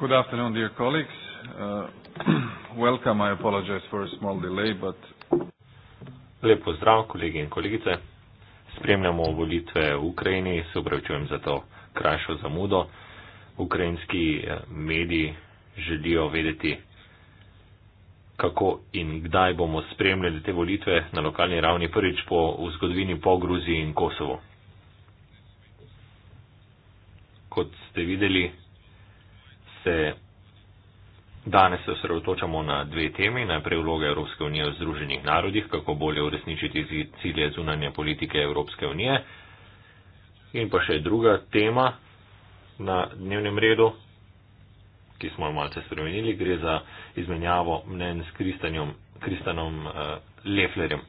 Good afternoon, dear colleagues. Uh, welcome. I apologize for a small delay, but. Lep pozdrav, kolegi in kolegice. Spremljamo volitve v Ukrajini, se upravičujem za to krajšo zamudo. Ukrajinski eh, mediji želijo vedeti, kako in kdaj bomo spremljali te volitve na lokalni ravni prvič po zgodovini po Gruziji in Kosovo. Kot ste videli, se danes se osredotočamo na dve temi. Najprej vloge Evropske unije v Združenih narodih, kako bolje uresničiti cilje zunanje politike Evropske unije. In pa še druga tema na dnevnem redu, ki smo jo malce spremenili, gre za izmenjavo mnen s Kristanom uh, Leflerjem.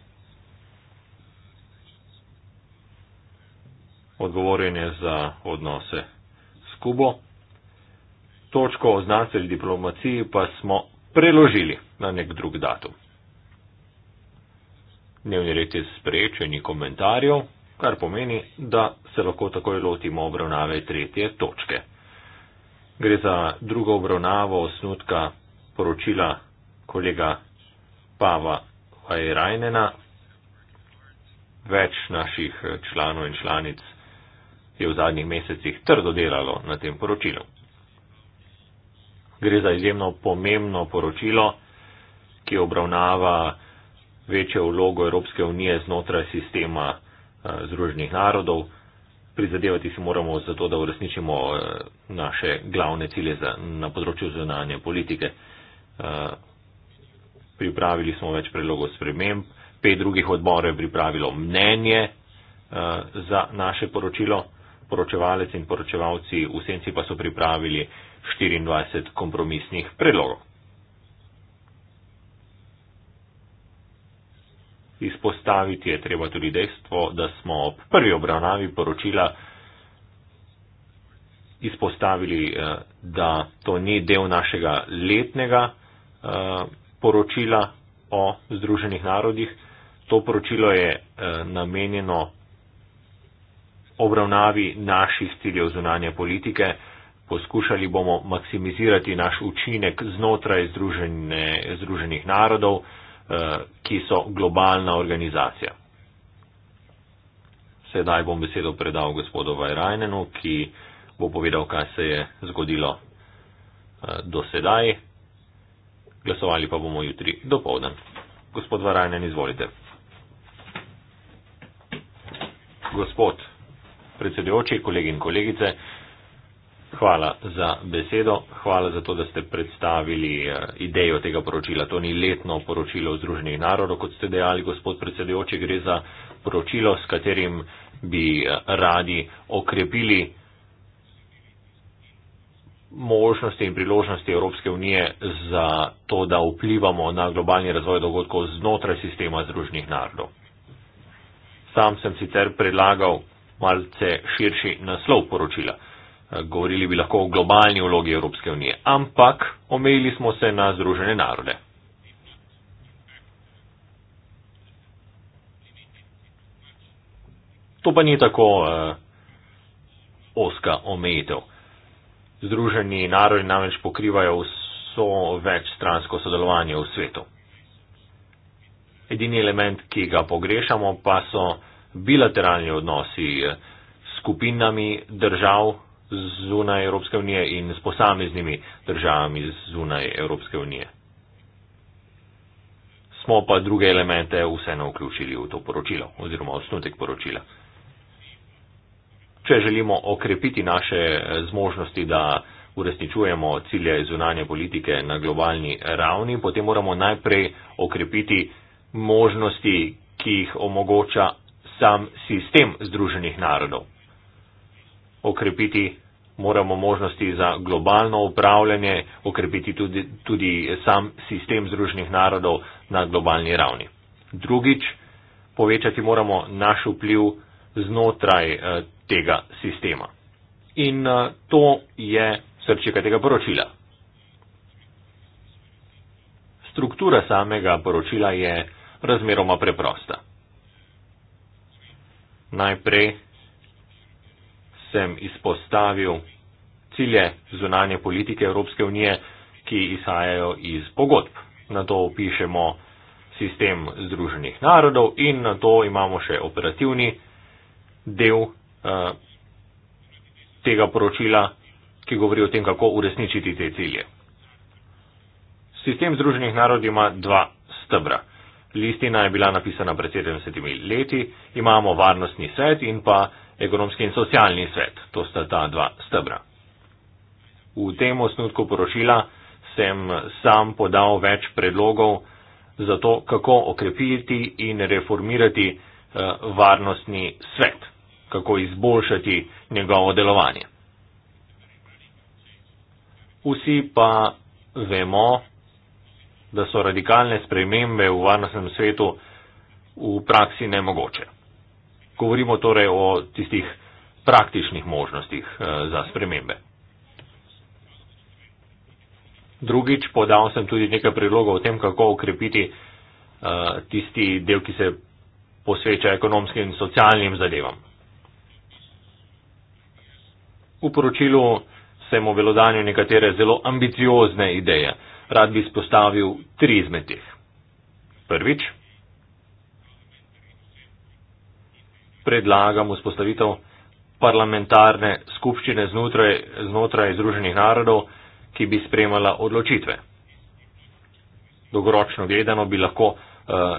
Odgovorjenje za odnose s Kubo točko o znanstveni diplomaciji pa smo preložili na nek drug datum. Dnevni red je sprejčeni komentarjev, kar pomeni, da se lahko takoj lotimo obravnave tretje točke. Gre za drugo obravnavo osnutka poročila kolega Pava Hajrajnena. Več naših članov in članic je v zadnjih mesecih trdo delalo na tem poročilu. Gre za izjemno pomembno poročilo, ki obravnava večjo vlogo Evropske unije znotraj sistema eh, Združenih narodov. Prizadevati si moramo za to, da uresničimo eh, naše glavne cilje za, na področju zunanje politike. Eh, pripravili smo več predlogov sprememb, pet drugih odborov je pripravilo mnenje za naše poročilo, poročevalec in poročevalci v senci pa so pripravili 24 kompromisnih predlogov. Izpostaviti je treba tudi dejstvo, da smo ob prvi obravnavi poročila izpostavili, eh, da to ni del našega letnega eh, poročila o Združenih narodih. To poročilo je eh, namenjeno obravnavi naših ciljev zunanje politike. Poskušali bomo maksimizirati naš učinek znotraj združene, Združenih narodov, eh, ki so globalna organizacija. Sedaj bom besedo predal gospodu Vajrajnenu, ki bo povedal, kaj se je zgodilo eh, do sedaj. Glasovali pa bomo jutri do povdan. Gospod Vajrajnen, izvolite. Gospod predsedujoči, kolegi in kolegice, Hvala za besedo, hvala za to, da ste predstavili eh, idejo tega poročila. To ni letno poročilo Združenih narodov, kot ste dejali, gospod predsedujoči, gre za poročilo, s katerim bi eh, radi okrepili možnosti in priložnosti Evropske unije za to, da vplivamo na globalni razvoj dogodkov znotraj sistema Združenih narodov. Sam sem sicer predlagal malce širši naslov poročila. Eh, govorili bi lahko o globalni vlogi Evropske unije, ampak omejili smo se na Združene narode. To pa ni tako eh, oska omejitev. Združeni narodi namreč pokrivajo vso večstransko sodelovanje v svetu. Edini element, ki ga pogrešamo, pa so bilateralni odnosi eh, s skupinami držav, zunaj Evropske unije in s posameznimi državami zunaj Evropske unije. Smo pa druge elemente vseeno vključili v to poročilo oziroma osnutek poročila. Če želimo okrepiti naše eh, zmožnosti, da uresničujemo cilje zunanje politike na globalni ravni, potem moramo najprej okrepiti možnosti, ki jih omogoča sam sistem Združenih narodov. Okrepiti moramo možnosti za globalno upravljanje okrepiti tudi, tudi sam sistem Združenih narodov na globalni ravni. Drugič, povečati moramo naš vpliv znotraj eh, tega sistema. In eh, to je srčika tega poročila. Struktura samega poročila je razmeroma preprosta. Najprej sem izpostavil cilje zunanje politike Evropske unije, ki izhajajo iz pogodb. Na to opišemo sistem Združenih narodov in na to imamo še operativni del eh, tega poročila, ki govori o tem, kako uresničiti te cilje. Sistem Združenih narodov ima dva stebra. Listina je bila napisana pred 70 leti, imamo varnostni svet in pa ekonomski in socialni svet. To sta ta dva stebra. V tem osnutku poročila sem sam podal več predlogov za to, kako okrepiti in reformirati eh, varnostni svet, kako izboljšati njegovo delovanje. Vsi pa vemo, da so radikalne spremembe v varnostnem svetu v praksi nemogoče govorimo torej o tistih praktičnih možnostih eh, za spremembe. Drugič, podal sem tudi nekaj predlogov o tem, kako ukrepiti eh, tisti del, ki se posveča ekonomskim in socialnim zadevam. V poročilu sem obelodanil nekatere zelo ambiciozne ideje. Rad bi spostavil tri izmed teh. Prvič, predlagam vzpostavitev parlamentarne skupščine znotraj, znotraj Združenih narodov, ki bi spremala odločitve. Dolgoročno gledano bi lahko eh,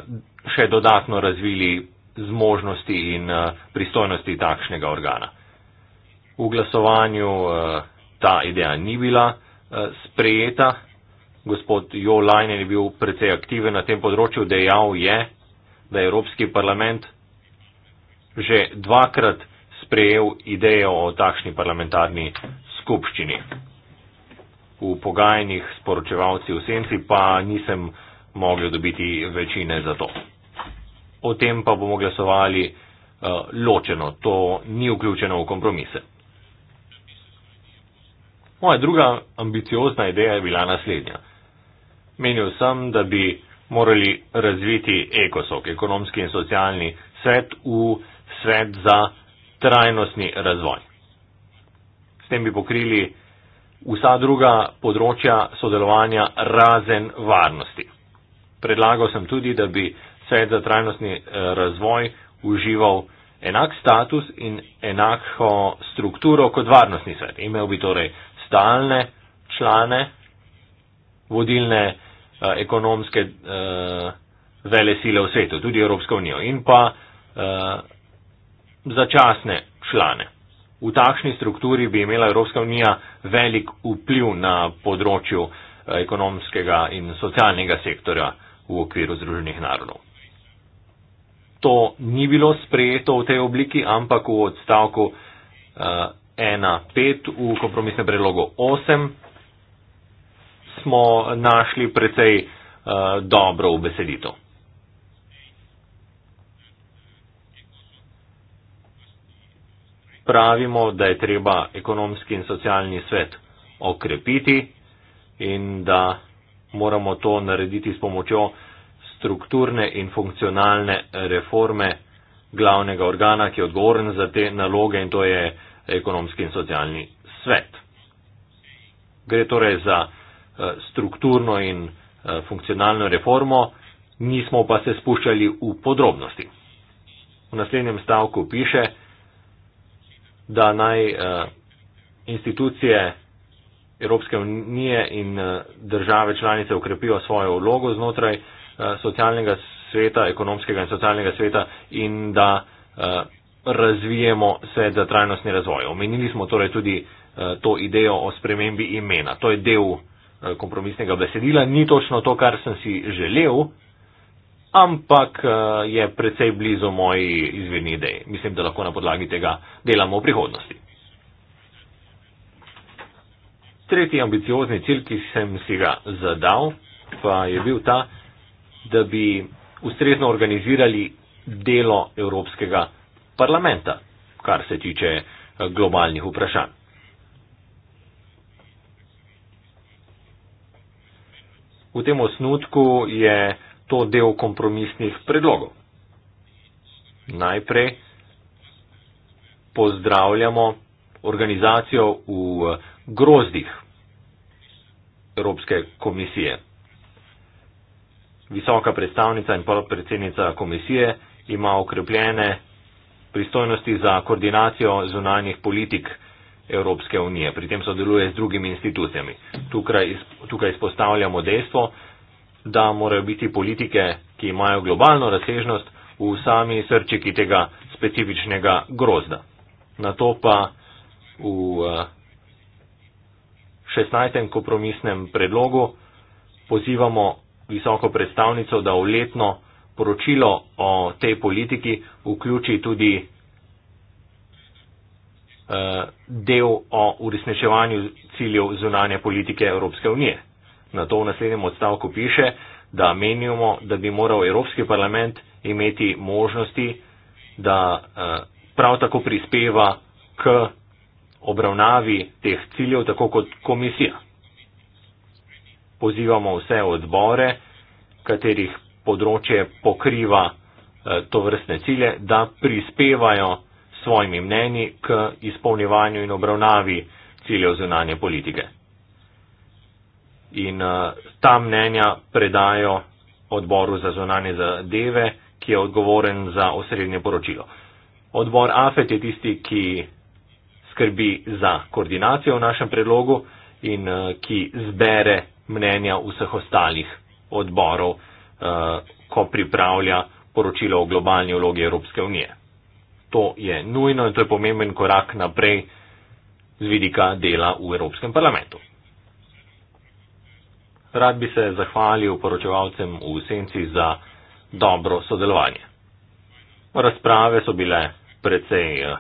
še dodatno razvili zmožnosti in eh, pristojnosti takšnega organa. V glasovanju eh, ta ideja ni bila sprejeta. Gospod Jo Lajnen je bil precej aktiven na tem področju, dejal je, da je Evropski parlament že dvakrat sprejel idejo o takšni parlamentarni skupščini. V pogajanjih s poročevalci v senci pa nisem mogel dobiti večine za to. O tem pa bomo glasovali uh, ločeno, to ni vključeno v kompromise. Moja druga ambiciozna ideja je bila naslednja. Menil sem, da bi morali razviti ekosok, ekonomski in socialni svet v svet za trajnostni razvoj. S tem bi pokrili vsa druga področja sodelovanja razen varnosti. Predlagal sem tudi, da bi svet za trajnostni eh, razvoj užival enak status in enako strukturo kot varnostni svet. Imel bi torej stalne člane, vodilne eh, ekonomske eh, vele sile v svetu, tudi Evropsko unijo in pa eh, začasne člane. V takšni strukturi bi imela Evropska unija velik vpliv na področju eh, ekonomskega in socialnega sektora v okviru Združenih narodov. To ni bilo sprejeto v tej obliki, ampak v odstavku uh, eh, 1.5 v kompromisnem predlogu 8 smo našli precej uh, dobro v beseditev. pravimo, da je treba ekonomski in socialni svet okrepiti in da moramo to narediti s pomočjo strukturne in funkcionalne reforme glavnega organa, ki je odgovoren za te naloge in to je ekonomski in socialni svet. Gre torej za eh, strukturno in eh, funkcionalno reformo, nismo pa se spuščali v podrobnosti. V naslednjem stavku piše, da naj uh, institucije Evropske unije in uh, države članice ukrepijo svojo vlogo znotraj uh, socialnega sveta, ekonomskega in socialnega sveta in da uh, razvijemo se za trajnostni razvoj. Omenili smo torej tudi uh, to idejo o spremembi imena. To je del uh, kompromisnega besedila. Ni točno to, kar sem si želel, ampak eh, je precej blizu moji izvirni ideji. Mislim, da lahko na podlagi tega delamo v prihodnosti. Tretji ambiciozni cilj, ki sem si ga zadal, pa je bil ta, da bi ustrezno organizirali delo Evropskega parlamenta, kar se tiče eh, globalnih vprašanj. V tem osnutku je to del kompromisnih predlogov. Najprej pozdravljamo organizacijo v grozdih Evropske komisije. Visoka predstavnica in podpredsednica komisije ima okrepljene pristojnosti za koordinacijo zunanjih politik Evropske unije. Pri tem sodeluje z drugimi institucijami. Tukaj izpostavljamo dejstvo, da morajo biti politike, ki imajo globalno razsežnost, v sami srčiki tega specifičnega grozda. Na to pa v 16. Eh, kompromisnem predlogu pozivamo visoko predstavnico, da v letno poročilo o tej politiki vključi tudi eh, del o uresničevanju ciljev zunanje politike Evropske unije. Na to v naslednjem odstavku piše, da menimo, da bi moral Evropski parlament imeti možnosti, da eh, prav tako prispeva k obravnavi teh ciljev, tako kot komisija. Pozivamo vse odbore, katerih področje pokriva eh, to vrstne cilje, da prispevajo svojimi mnenji k izpolnjevanju in obravnavi ciljev zunanje politike in eh, ta mnenja predajo odboru za zonanje zadeve, ki je odgovoren za osrednje poročilo. Odbor AFET je tisti, ki skrbi za koordinacijo v našem predlogu in eh, ki zbere mnenja vseh ostalih odborov, eh, ko pripravlja poročilo o globalni vlogi Evropske unije. To je nujno in to je pomemben korak naprej z vidika dela v Evropskem parlamentu rad bi se zahvalil poročevalcem v senci za dobro sodelovanje. Razprave so bile precej eh,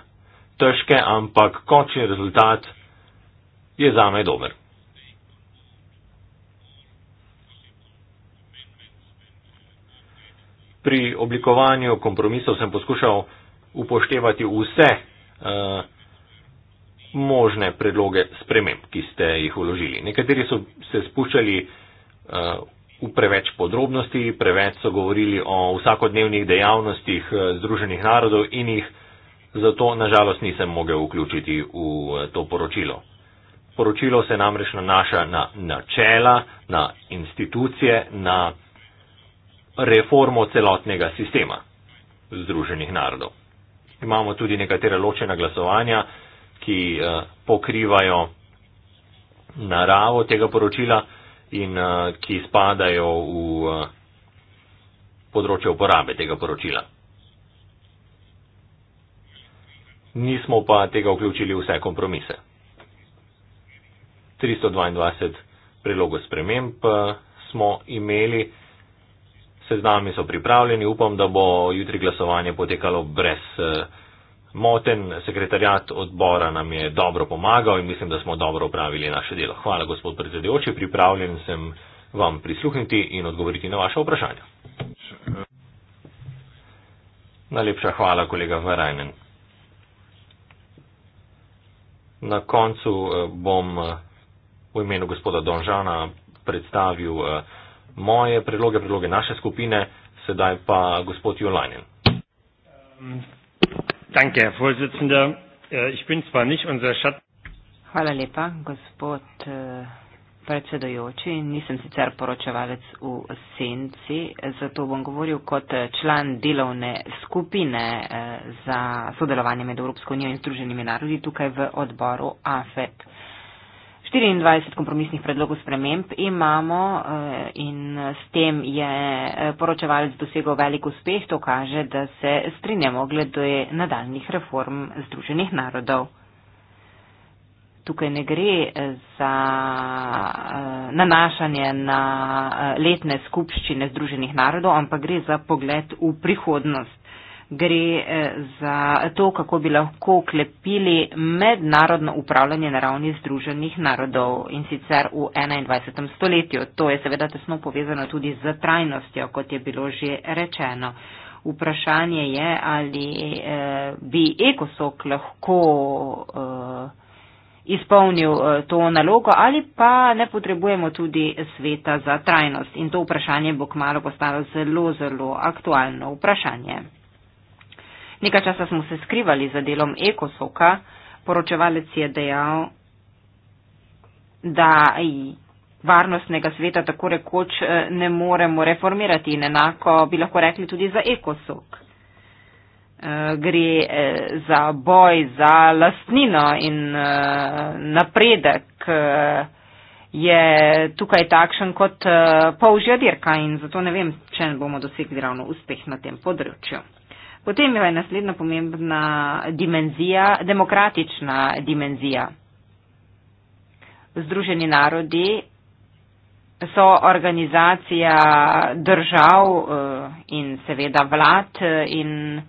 težke, ampak končni rezultat je za me dober. Pri oblikovanju kompromisov sem poskušal upoštevati vse uh, možne predloge sprememb, ki ste jih uložili. Nekateri so se spuščali uh, v preveč podrobnosti, preveč so govorili o vsakodnevnih dejavnostih eh, Združenih narodov in jih zato nažalost nisem mogel vključiti v eh, to poročilo. Poročilo se namreč nanaša na načela, na institucije, na reformo celotnega sistema Združenih narodov. Imamo tudi nekatere ločena glasovanja, ki eh, pokrivajo naravo tega poročila, in uh, ki spadajo v uh, področje uporabe tega poročila. Nismo pa tega vključili vse kompromise. 322 prilogo sprememb eh, smo imeli, seznami so pripravljeni, upam, da bo jutri glasovanje potekalo brez uh, moten sekretarjat odbora nam je dobro pomagal in mislim, da smo dobro upravili naše delo. Hvala, gospod predsedujoči, pripravljen sem vam prisluhniti in odgovoriti na vaše vprašanje. Najlepša hvala, kolega Varajnen. Na koncu eh, bom eh, v imenu gospoda Donžana predstavil eh, moje predloge, predloge naše skupine, sedaj pa gospod Jolanin. Um, Danke, Herr Vorsitzender. Äh, ich bin zwar nicht unser Schat Hvala lepa, gospod äh, predsedujoči. Nisem sicer poročevalec v senci, zato bom govoril kot äh, član delovne skupine za sodelovanje med Evropsko unijo in Združenimi narodi tukaj v odboru AFET. 24 kompromisnih predlogov sprememb imamo eh, in s tem je eh, poročevalec dosegel velik uspeh. To kaže, da se strinjamo glede nadaljnih reform Združenih narodov. Tukaj ne gre eh, za nanašanje na letne skupščine Združenih narodov, ampak gre za pogled v prihodnost gre eh, za to, kako bi lahko klepili mednarodno upravljanje na ravni Združenih narodov in sicer v 21. stoletju. To je seveda tesno povezano tudi z trajnostjo, kot je bilo že rečeno. Vprašanje je, ali eh, bi ekosok lahko eh, izpolnil eh, to nalogo ali pa ne potrebujemo tudi sveta za trajnost. In to vprašanje bo kmalo postalo zelo, zelo aktualno vprašanje. Nekaj časa smo se skrivali za delom Ekosoka, poročevalec je dejal, da varnostnega sveta tako rekoč eh, ne moremo reformirati in enako bi lahko rekli tudi za Ekosok. Eh, gre eh, za boj za lastnino in napredek je tukaj takšen kot polžja dirka in zato ne vem, če ne bomo dosegli ravno uspeh na tem področju. Potem je naslednja pomembna dimenzija, demokratična dimenzija. Združeni narodi so organizacija držav eh, in seveda vlad eh, in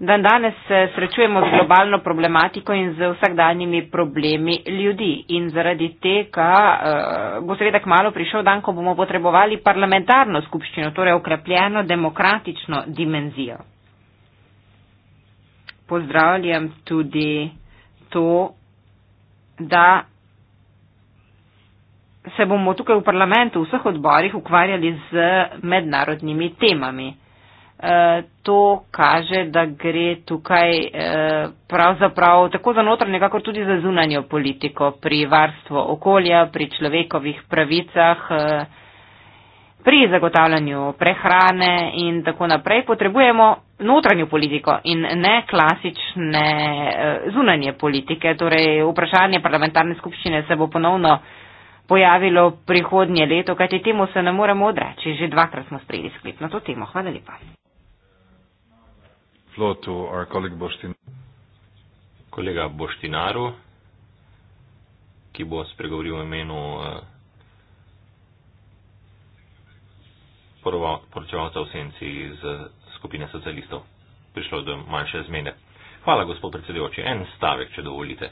Dan danes se srečujemo z globalno problematiko in z vsakdanjimi problemi ljudi. In zaradi tega eh, bo seveda kmalo prišel dan, ko bomo potrebovali parlamentarno skupščino, torej okrepljeno demokratično dimenzijo. Pozdravljam tudi to, da se bomo tukaj v parlamentu v vseh odborih ukvarjali z mednarodnimi temami. Eh, to kaže, da gre tukaj eh, pravzaprav tako za notranje, kako tudi za zunanjo politiko pri varstvu okolja, pri človekovih pravicah, eh, pri zagotavljanju prehrane in tako naprej. Potrebujemo notranjo politiko in ne klasične zunanje politike. Torej, vprašanje parlamentarne skupščine se bo ponovno pojavilo prihodnje leto, kajti temu se ne moremo odreči. Že dvakrat smo sprejeli sklep na to temo. Hvala lepa plotu or colleague Boštin. Kolega Boštinaru, ki bo spregovoril v imenu uh, poročevalca v senci iz eh, skupine socialistov. Prišlo je do manjše zmede. Hvala, gospod predsedujoči. En stavek, če dovolite.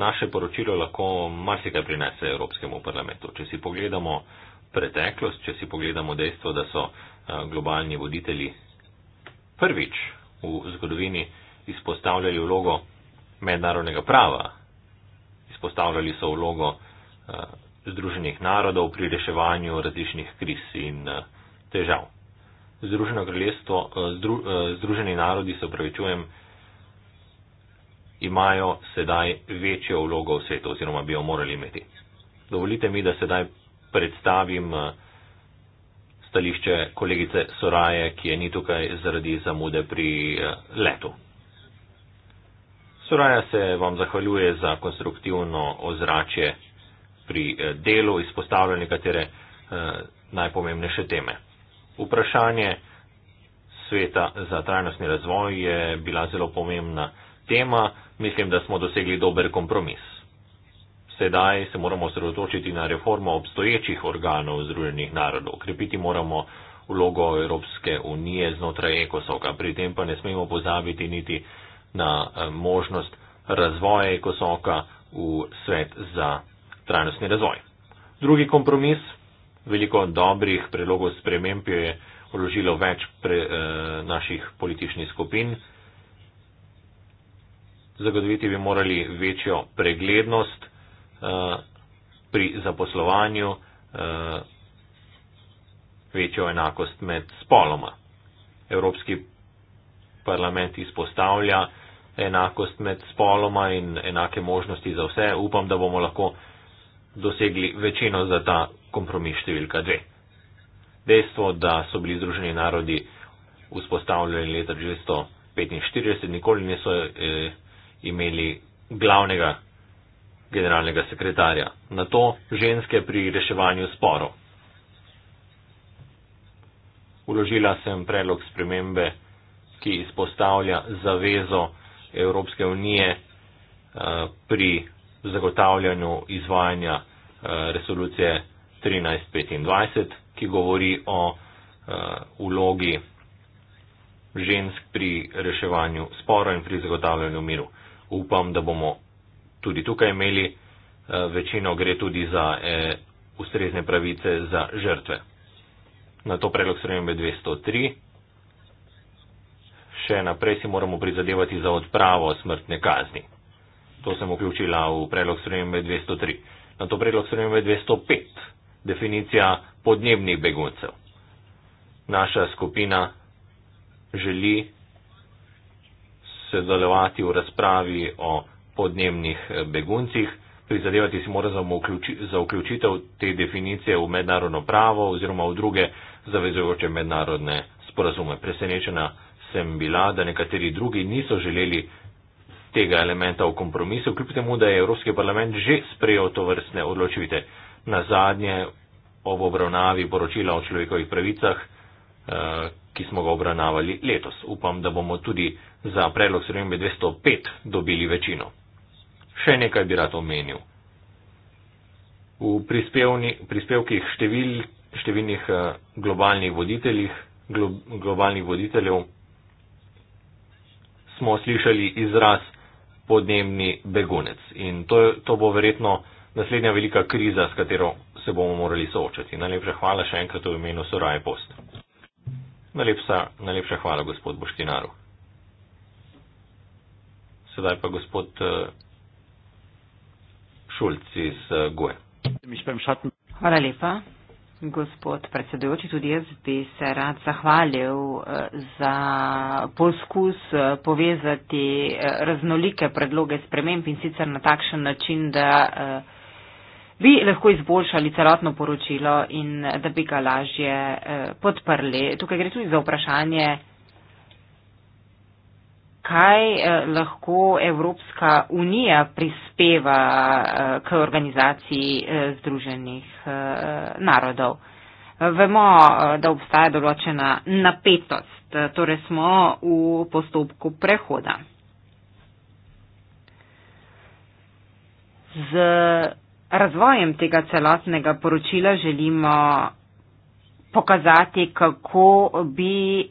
Naše poročilo lahko marsikaj prinese Evropskemu parlamentu. Če si pogledamo preteklost, če si pogledamo dejstvo, da so uh, globalni voditelji prvič v zgodovini izpostavljali vlogo mednarodnega prava. Izpostavljali so vlogo Združenih narodov pri reševanju različnih kriz in težav. Združeno kraljestvo, zdru, Združeni narodi, se upravičujem, imajo sedaj večjo vlogo v svetu oziroma bi jo morali imeti. Dovolite mi, da sedaj predstavim uh, stališče kolegice Soraje, ki je ni tukaj zaradi zamude pri eh, letu. Soraja se vam zahvaljuje za konstruktivno ozračje pri eh, delu, izpostavlja nekatere eh, najpomembnejše teme. Vprašanje sveta za trajnostni razvoj je bila zelo pomembna tema, mislim, da smo dosegli dober kompromis. Sedaj se moramo sredotočiti na reformo obstoječih organov Združenih narodov. Krepiti moramo vlogo Evropske unije znotraj ekosoka. Pri tem pa ne smemo pozabiti niti na eh, možnost razvoja ekosoka v svet za trajnostni razvoj. Drugi kompromis, veliko dobrih predlogov sprememb je vložilo več pre, eh, naših političnih skupin. Zagotoviti bi morali večjo preglednost Eh, pri zaposlovanju eh, večjo enakost med spoloma. Evropski parlament izpostavlja enakost med spoloma in enake možnosti za vse. Upam, da bomo lahko dosegli večino za ta kompromis številka dve. Dejstvo, da so bili Združeni narodi vzpostavljeni leta 1945, nikoli niso eh, imeli glavnega generalnega sekretarja, na to ženske pri reševanju sporov. Uložila sem predlog spremembe, ki izpostavlja zavezo Evropske unije eh, pri zagotavljanju izvajanja eh, resolucije 1325, ki govori o ulogi eh, žensk pri reševanju sporov in pri zagotavljanju miru. Upam, da bomo tudi tukaj imeli, eh, večino gre tudi za e, ustrezne pravice za žrtve. Na to predlog spremembe 203. Še naprej si moramo prizadevati za odpravo smrtne kazni. To sem vključila v predlog spremembe 203. Na to predlog spremembe 205. Definicija podnebnih beguncev. Naša skupina želi sodelovati v razpravi o podnebnih eh, beguncih. Prizadevati si mora za vključitev te definicije v mednarodno pravo oziroma v druge zavezujoče mednarodne sporazume. Presenečena sem bila, da nekateri drugi niso želeli tega elementa v kompromisu, kljub temu, da je Evropski parlament že sprejel to vrstne odločitve. Na zadnje ob obravnavi poročila o človekovih pravicah, eh, ki smo ga obravnavali letos. Upam, da bomo tudi za predlog sredenbe 205 dobili večino. Še nekaj bi rad omenil. V prispevkih števil, številnih eh, globalnih, glo, globalnih voditeljev smo slišali izraz podnebni begunec in to, to bo verjetno naslednja velika kriza, s katero se bomo morali soočati. Najlepša hvala še enkrat v imenu Soraj Post. Najlepša, najlepša hvala, gospod Boštinaru. Sedaj pa gospod. Uh, Šulc iz eh, Goe. Hvala lepa. Gospod predsedujoči, tudi jaz bi se rad zahvalil eh, za poskus eh, povezati raznolike predloge sprememb in sicer na takšen način, da bi lahko izboljšali celotno poročilo in da bi ga lažje podprli. Tukaj gre tudi za vprašanje kaj eh, lahko Evropska unija prispeva eh, k organizaciji eh, Združenih narodov. Vemo, da obstaja določena napetost, torej smo v postopku prehoda. Z razvojem tega celotnega poročila želimo pokazati, kako bi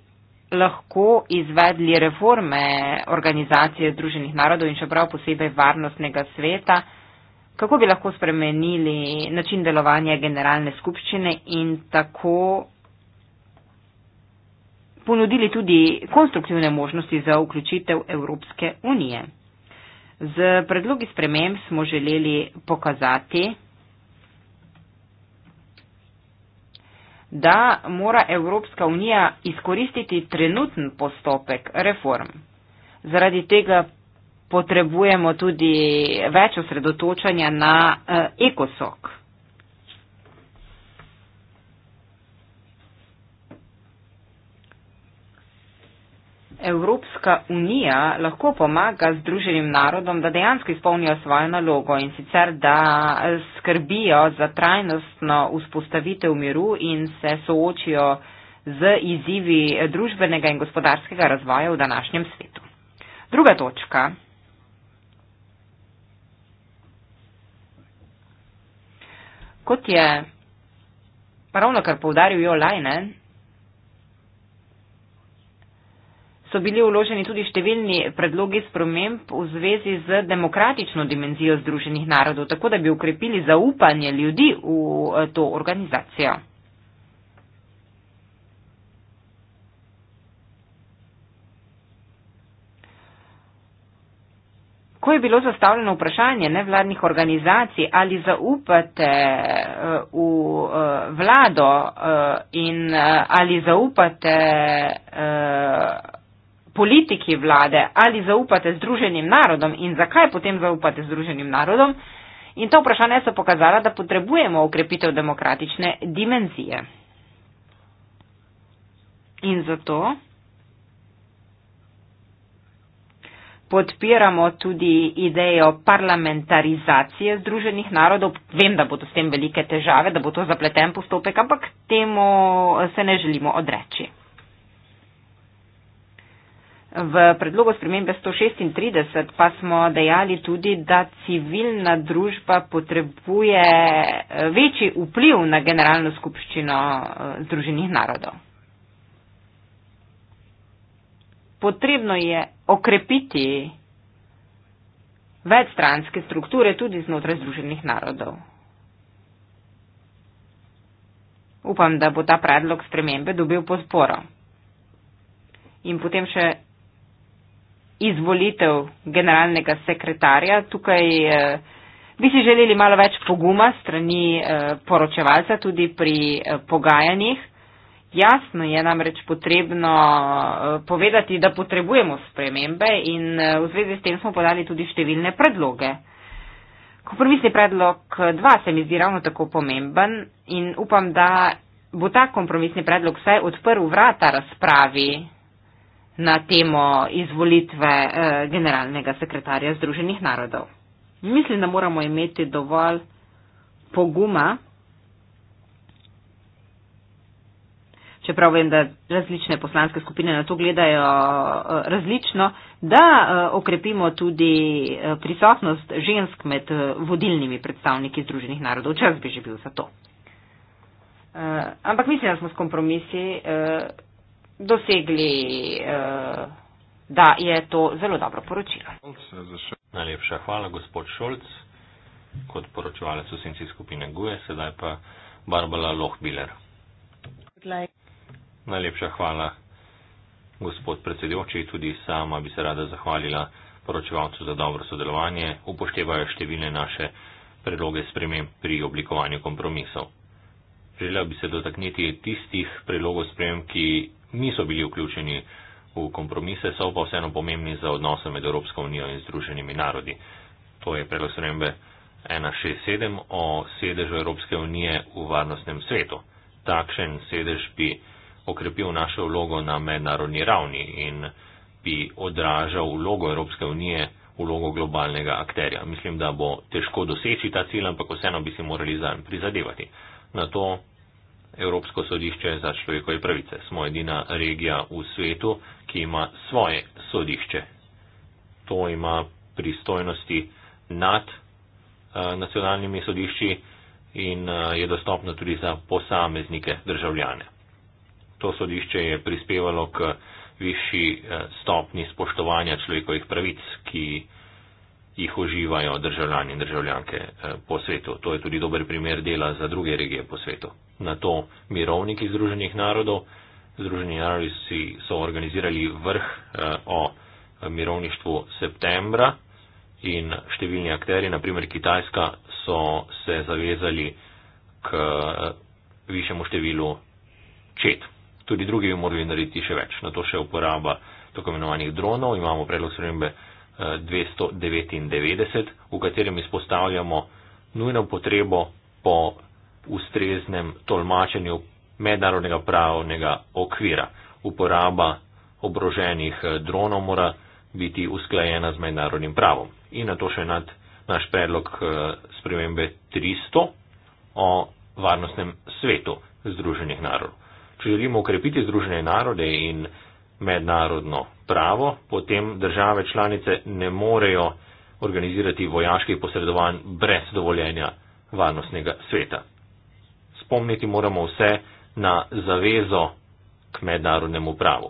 lahko izvedli reforme organizacije Združenih narodov in še prav posebej varnostnega sveta, kako bi lahko spremenili način delovanja generalne skupščine in tako ponudili tudi konstruktivne možnosti za vključitev Evropske unije. Z predlogi sprememb smo želeli pokazati, da mora Evropska unija izkoristiti trenutni postopek reform. Zaradi tega potrebujemo tudi več osredotočanja na eh, ekosok. Eh, Evropska unija lahko pomaga združenim narodom, da dejansko izpolnijo svojo nalogo in sicer, da eh, skrbijo za trajnostno vzpostavitev miru in se soočijo z izzivi eh, družbenega in gospodarskega razvoja v današnjem svetu. Druga točka. Kot je ravno kar poudaril Jo Lajnen, so bili vloženi tudi številni predlogi sprememb v zvezi z demokratično dimenzijo Združenih narodov, tako da bi ukrepili zaupanje ljudi v eh, to organizacijo. Ko je bilo zastavljeno vprašanje nevladnih organizacij, ali zaupate eh, v eh, vlado in ali zaupate politiki vlade ali zaupate Združenim narodom in zakaj potem zaupate Združenim narodom. In ta vprašanja so pokazala, da potrebujemo ukrepitev demokratične dimenzije. In zato podpiramo tudi idejo parlamentarizacije Združenih narodov. Vem, da bodo s tem velike težave, da bo to zapleten postopek, ampak temu se ne želimo odreči. V predlogu spremembe 136 pa smo dejali tudi, da civilna družba potrebuje eh, večji vpliv na generalno skupščino eh, Združenih narodov. Potrebno je okrepiti večstranske strukture tudi znotraj Združenih narodov. Upam, da bo ta predlog spremembe dobil podporo. In potem še izvolitev generalnega sekretarja. Tukaj eh, bi si želeli malo več poguma strani eh, poročevalca tudi pri eh, pogajanjih. Jasno je namreč potrebno povedati, da potrebujemo spremembe in v zvezi s tem smo podali tudi številne predloge. Kompromisni predlog 2 se mi zdi ravno tako pomemben in upam, da bo ta kompromisni predlog vsaj odprl vrata razpravi na temo izvolitve eh, generalnega sekretarja Združenih narodov. Mislim, da moramo imeti dovolj poguma, čeprav vem, da različne poslanske skupine na to gledajo eh, različno, da eh, okrepimo tudi prisotnost žensk med vodilnimi predstavniki Združenih narodov. Čas bi že bil za to. Ampak mislim, da smo s kompromisi dosegli, uh, da je to zelo dobro poročilo. Najlepša hvala, gospod Šolc, kot poročevalec vsemci skupine Guje, sedaj pa Barbara Lohbiler. Najlepša hvala, gospod predsedujoči, tudi sama bi se rada zahvalila poročevalcu za dobro sodelovanje, upoštevajo številne naše predloge sprememb pri oblikovanju kompromisov. Želel bi se dotakniti tistih predlogov sprememb, ki niso bili vključeni v kompromise, so pa vseeno pomembni za odnose med Evropsko unijo in Združenimi narodi. To je predlog sprembe 167 o sedežu Evropske unije v varnostnem svetu. Takšen sedež bi okrepil našo vlogo na mednarodni ravni in bi odražal vlogo Evropske unije, vlogo globalnega akterja. Mislim, da bo težko doseči ta cilj, ampak vseeno bi si morali zanj prizadevati. Na to Evropsko sodišče za človekove pravice. Smo edina regija v svetu, ki ima svoje sodišče. To ima pristojnosti nad eh, nacionalnimi sodišči in eh, je dostopno tudi za posameznike državljane. To sodišče je prispevalo k višji eh, stopni spoštovanja človekovih pravic, ki jih uživajo državljani in državljanke eh, po svetu. To je tudi dober primer dela za druge regije po svetu. Na to mirovniki Združenih narodov, Združeni narodi so organizirali vrh eh, o mirovništvu septembra in številni akteri, naprimer Kitajska, so se zavezali k eh, višjemu številu čet. Tudi drugi bi morali narediti še več. Na to še uporaba tako imenovanih dronov. Imamo predlog spremembe 299, v katerem izpostavljamo nujno potrebo po ustreznem tolmačenju mednarodnega pravnega okvira. Uporaba obroženih eh, dronov mora biti usklajena z mednarodnim pravom. In na to še nad naš predlog eh, spremembe 300 o varnostnem svetu Združenih narodov. Če želimo ukrepiti Združene narode in mednarodno pravo, potem države članice ne morejo organizirati vojaških posredovanj brez dovoljenja varnostnega sveta. Spomniti moramo vse na zavezo k mednarodnemu pravu.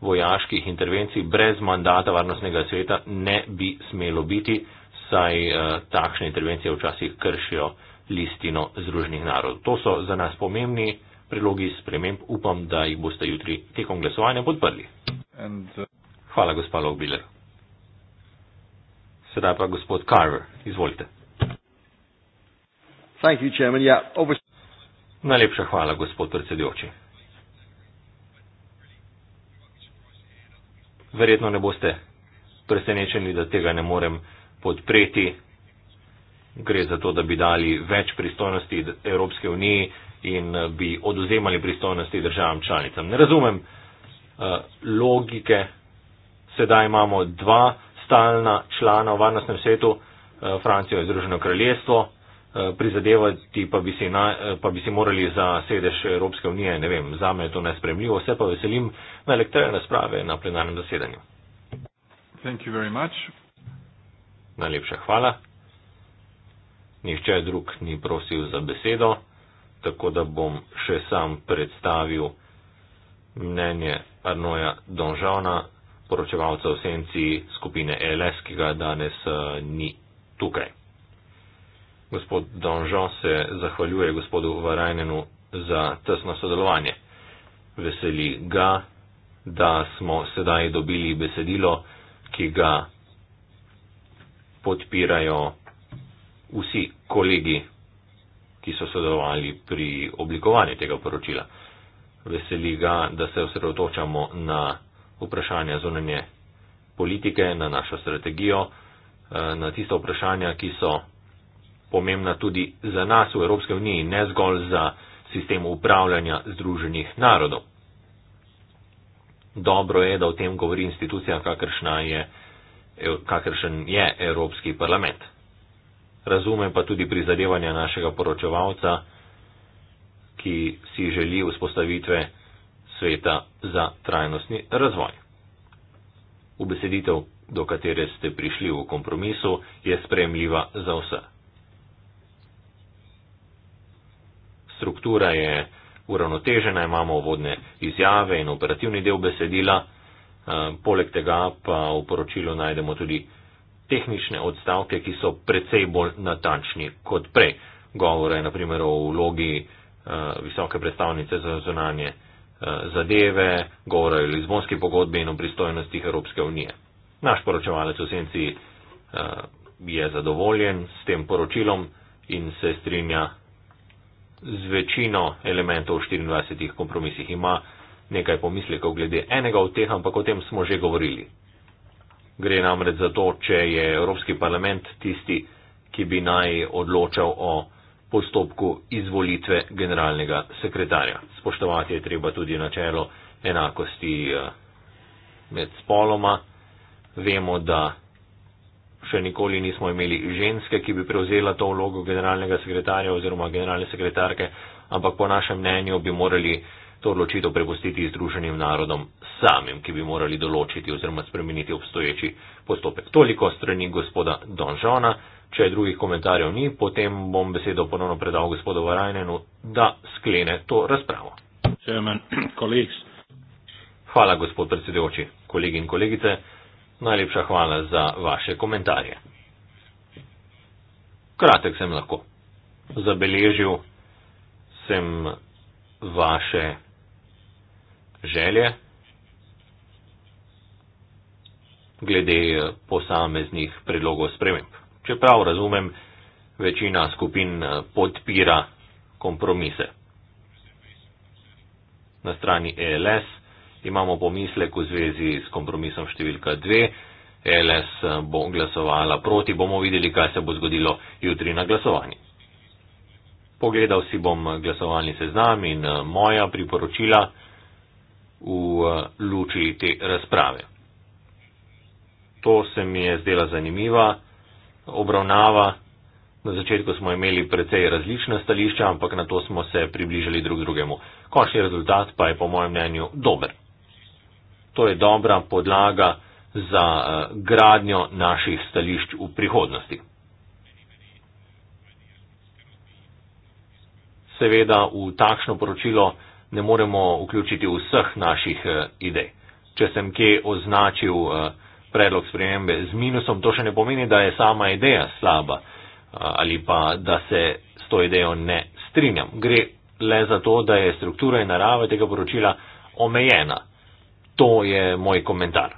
Vojaških intervencij brez mandata varnostnega sveta ne bi smelo biti, saj eh, takšne intervencije včasih kršijo listino Združenih narodov. To so za nas pomembni predlogi sprememb. Upam, da jih boste jutri tekom glasovanja podprli. Uh, hvala, gospa Lovbiler. Sedaj pa gospod Carver, izvolite. Thank you, chairman. Ja, yeah, Najlepša hvala, gospod predsedujoči. Verjetno ne boste presenečeni, da tega ne morem podpreti. Gre za to, da bi dali več pristojnosti Evropske unije in uh, bi oduzemali pristojnosti državam članicam. Ne razumem, Eh, logike. Sedaj imamo dva stalna člana v varnostnem svetu, eh, Francijo in Združeno kraljestvo. Eh, prizadevati pa bi, si na, pa bi si morali za sedež Evropske unije, ne vem, za me je to nespremljivo, vse pa veselim na elektrane razprave na plenarnem zasedanju. Najlepša hvala. Nihče drug ni prosil za besedo, tako da bom še sam predstavil mnenje Arnoja Donžona, poročevalca v senci skupine e LS, ki ga danes eh, ni tukaj. Gospod Donžon se zahvaljuje gospodu Varajnenu za tesno sodelovanje. Veseli ga, da smo sedaj dobili besedilo, ki ga podpirajo vsi kolegi, ki so sodelovali pri oblikovanju tega poročila veseli ga, da se osredotočamo na vprašanja zunanje politike, na našo strategijo, eh, na tisto vprašanja, ki so pomembna tudi za nas v Evropske uniji, ne zgolj za sistem upravljanja združenih narodov. Dobro je, da o tem govori institucija, je, e, kakršen je Evropski parlament. Razumem pa tudi prizadevanja našega poročevalca, ki si želi vzpostavitve sveta za trajnostni razvoj. Ubeseditev, do katere ste prišli v kompromisu, je spremljiva za vse. Struktura je uravnotežena, imamo vodne izjave in operativni del besedila, eh, poleg tega pa v poročilu najdemo tudi tehnične odstavke, ki so precej bolj natančni kot prej. Govore je naprimer o vlogi Eh, visoke predstavnice za zunanje eh, zadeve, govora o Lizbonski pogodbi in o pristojnostih Evropske unije. Naš poročevalec v senci eh, je zadovoljen s tem poročilom in se strinja z večino elementov v 24 kompromisih. Ima nekaj pomislekov glede enega od teh, ampak o tem smo že govorili. Gre namreč za to, če je Evropski parlament tisti, ki bi naj odločal o postopku izvolitve generalnega sekretarja. Spoštovati je treba tudi načelo enakosti eh, med spoloma. Vemo, da še nikoli nismo imeli ženske, ki bi prevzela to vlogo generalnega sekretarja oziroma generalne sekretarke, ampak po našem mnenju bi morali to odločitev prepustiti Združenim narodom samim, ki bi morali določiti oziroma spremeniti obstoječi postopek. Toliko strani gospoda Donžona. Če drugih komentarjev ni, potem bom besedo ponovno predal gospodu Varajnenu, da sklene to razpravo. Hvala, gospod predsedujoči, kolegi in kolegice. Najlepša hvala za vaše komentarje. Kratek sem lahko. Zabeležil sem vaše želje glede posameznih predlogov sprememb čeprav razumem, večina skupin eh, podpira kompromise. Na strani ELS imamo pomislek v zvezi s kompromisom številka 2. ELS eh, bo glasovala proti, bomo videli, kaj se bo zgodilo jutri na glasovanju. Pogledal si bom eh, glasovalni seznam in moja priporočila v luči te razprave. To se mi je zdela zanimiva obravnava. Na začetku smo imeli precej različna stališča, ampak na to smo se približali drug drugemu. Končni rezultat pa je po mojem mnenju dober. To je dobra podlaga za eh, gradnjo naših stališč v prihodnosti. Seveda v takšno poročilo ne moremo vključiti vseh naših eh, idej. Če sem kje označil eh, predlog sprejembe z minusom, to še ne pomeni, da je sama ideja slaba eh, ali pa da se s to idejo ne strinjam. Gre le za to, da je struktura in narava tega poročila omejena. To je moj komentar.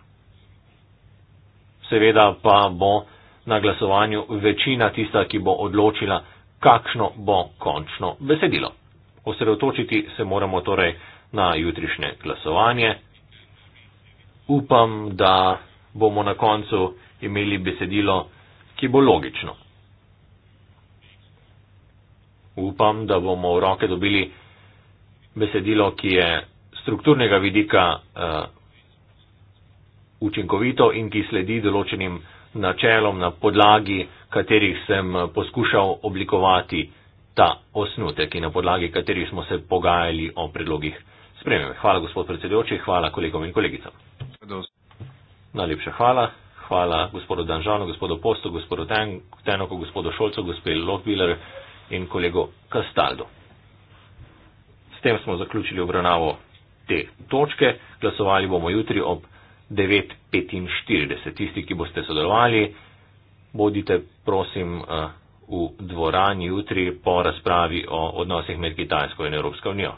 Seveda pa bo na glasovanju večina tista, ki bo odločila, kakšno bo končno besedilo. Osredotočiti se moramo torej na jutrišnje glasovanje. Upam, da bomo na koncu imeli besedilo, ki bo logično. Upam, da bomo v roke dobili besedilo, ki je strukturnega vidika uh, učinkovito in ki sledi določenim načelom, na podlagi katerih sem poskušal oblikovati ta osnutek in na podlagi katerih smo se pogajali o predlogih spremembe. Hvala, gospod predsedujoči, hvala kolegom in kolegicam. Dost. Najlepša hvala. Hvala gospodu Danžanu, gospodu Postu, gospodu Tenoku, gospodu Šolcu, gospe Lokviler in kolego Kastaldu. S tem smo zaključili obravnavo te točke. Glasovali bomo jutri ob 9.45. Tisti, ki boste sodelovali, bodite prosim eh, v dvorani jutri po razpravi o odnosih med Kitajsko in Evropsko unijo.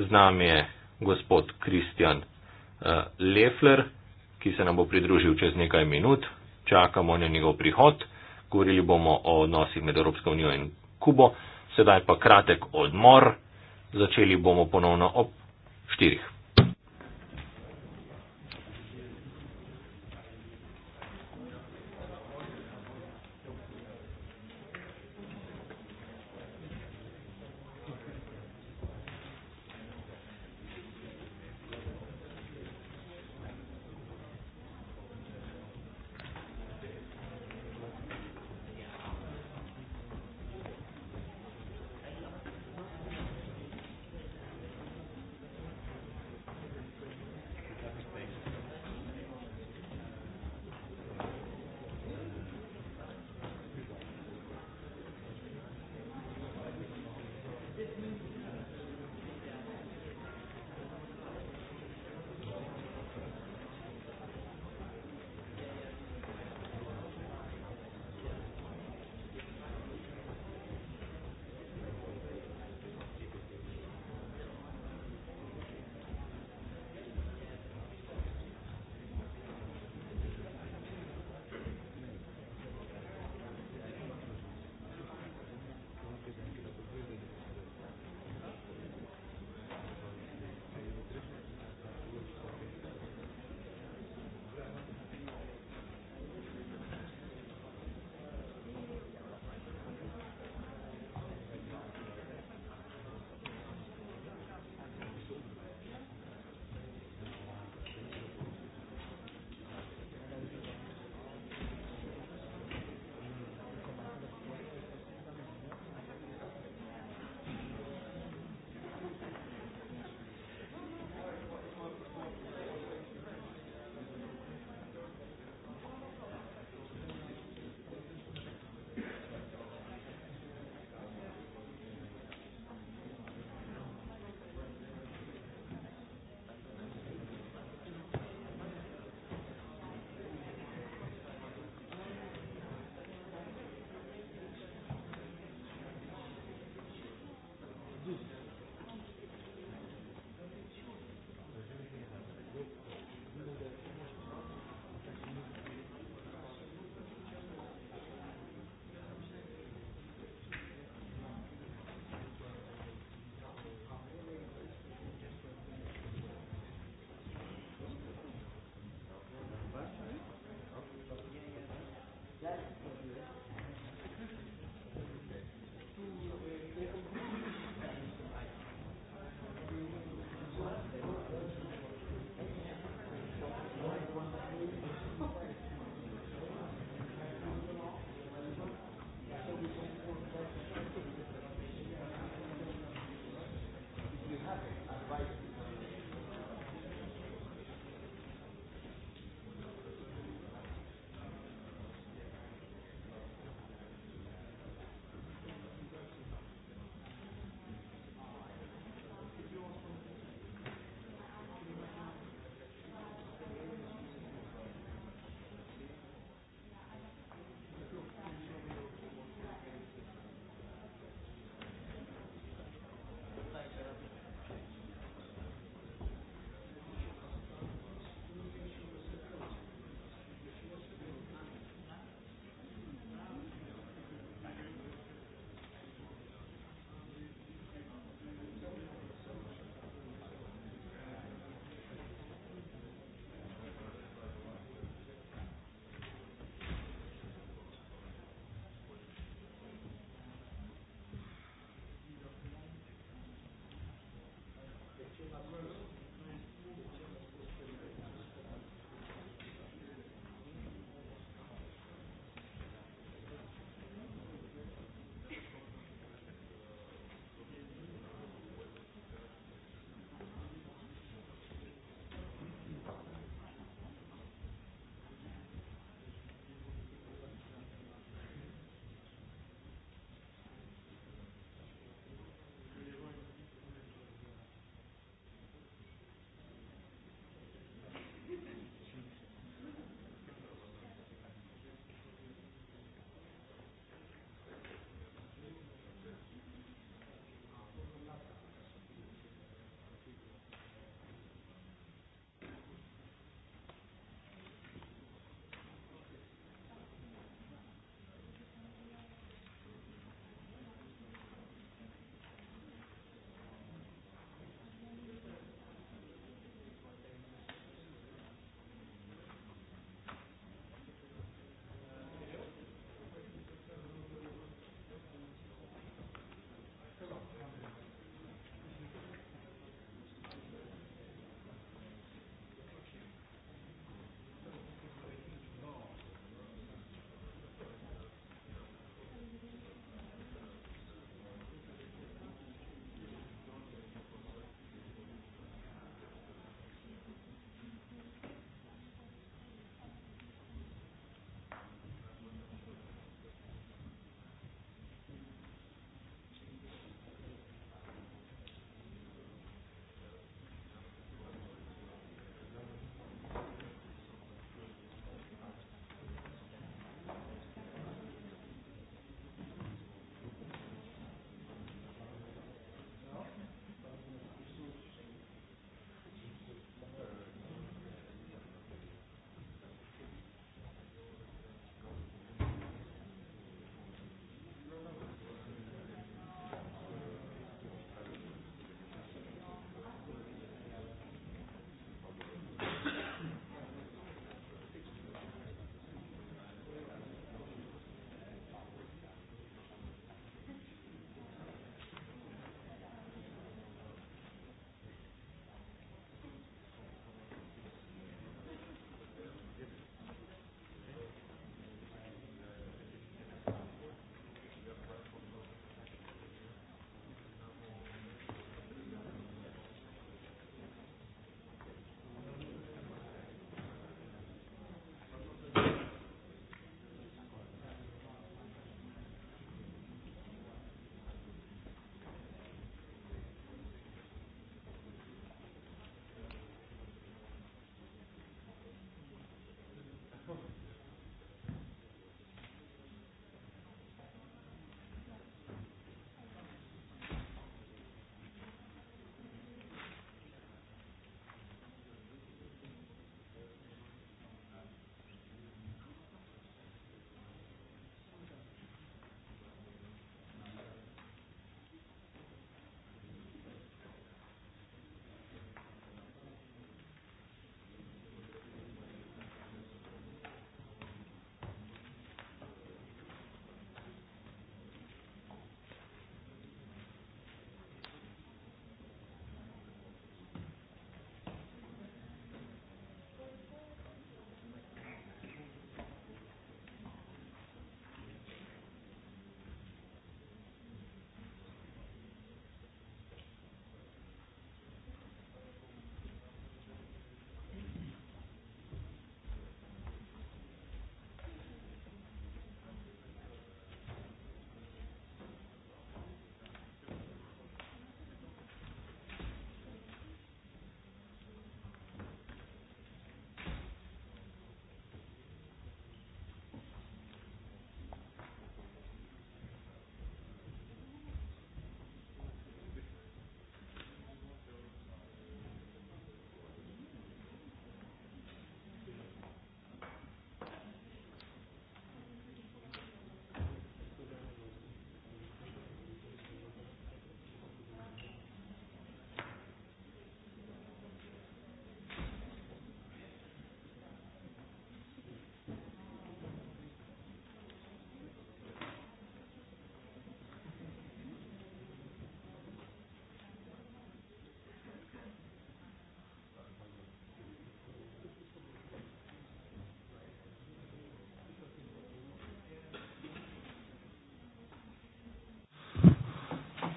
Z nami je gospod Kristjan eh, Lefler ki se nam bo pridružil čez nekaj minut, čakamo na njegov prihod, govorili bomo o odnosih med Evropsko unijo in Kubo, sedaj pa kratek odmor, začeli bomo ponovno ob štirih.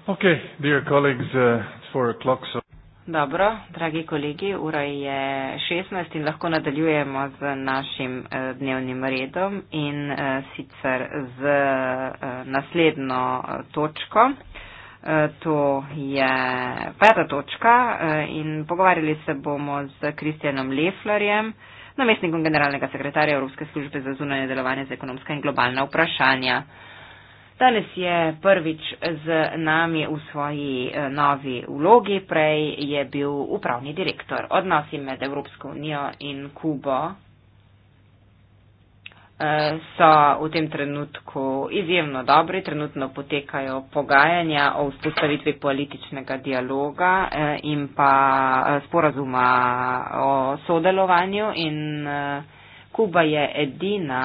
Okay, dear colleagues, uh, it's four o'clock, so. Dobro, dragi kolegi, ura je 16 in lahko nadaljujemo z našim eh, dnevnim redom in eh, sicer z eh, naslednjo točko. To je peta točka in pogovarjali se bomo z Kristjanom Leflarjem, namestnikom generalnega sekretarja Evropske službe za zunanje delovanje za ekonomska in globalna vprašanja. Danes je prvič z nami v svoji eh, novi vlogi, prej je bil upravni direktor. Odnosi med Evropsko unijo in Kubo eh, so v tem trenutku izjemno dobri. Trenutno potekajo pogajanja o vzpostavitvi političnega dialoga eh, in pa sporazuma o sodelovanju in Kuba je edina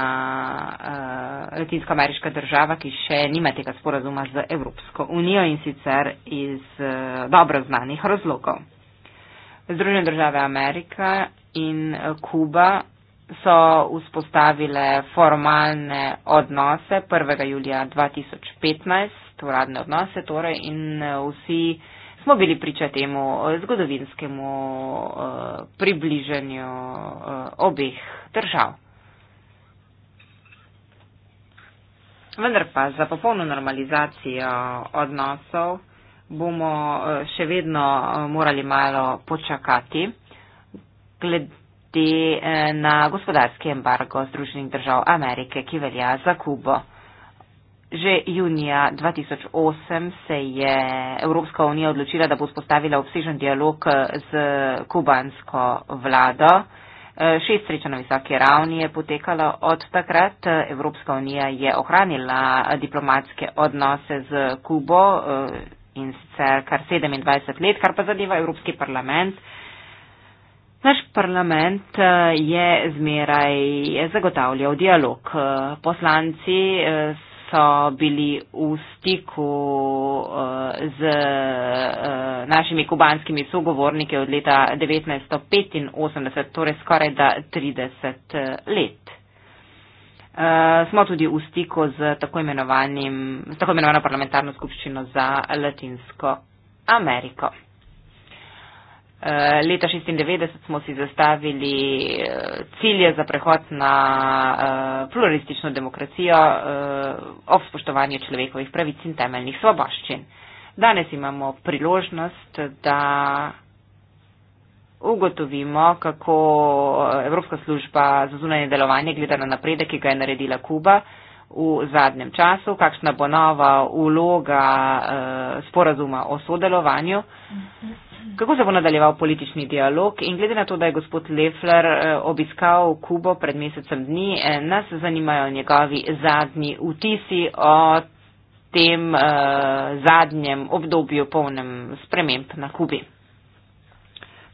uh, latinskoameriška država, ki še nima tega sporazuma z Evropsko unijo in sicer iz uh, dobro znanih razlogov. Združene države Amerika in eh, Kuba so vzpostavile formalne odnose 1. julija 2015, uradne odnose torej in vsi smo bili priča temu eh, zgodovinskemu eh, približanju eh, obeh držav. Vendar pa za popolno normalizacijo odnosov bomo še vedno morali malo počakati glede na gospodarski embargo Združenih držav Amerike, ki velja za Kubo. Že junija 2008 se je Evropska unija odločila, da bo spostavila obsežen dialog z kubansko vlado. E, šest srečanj na visoke ravni je potekalo od takrat. Evropska unija je ohranila diplomatske odnose z Kubo e, in sicer kar 27 let, kar pa zadeva Evropski parlament. Naš parlament e, je zmeraj zagotavljal dialog. Poslanci s so bili v stiku eh, z eh, našimi kubanskimi sogovorniki od leta 1985, torej skoraj da 30 eh, let. Smo tudi v stiku z tako, z tako imenovano parlamentarno skupščino za Latinsko Ameriko. Eh, leta 96 smo si zastavili eh, cilje za prehod na eh, pluralistično demokracijo ob spoštovanju človekovih pravic in temeljnih svoboščin. Danes imamo priložnost, da ugotovimo, kako Evropska služba za zunanje delovanje gleda na napredek, ki ga je naredila Kuba v zadnjem času, kakšna bo nova uloga sporazuma o sodelovanju. Mhm. Kako se bo nadaljeval politični dialog in glede na to, da je gospod Lefler eh, obiskal Kubo pred mesecem dni, eh, nas zanimajo njegovi zadnji vtisi o tem uh, zadnjem obdobju polnem sprememb na Kubi.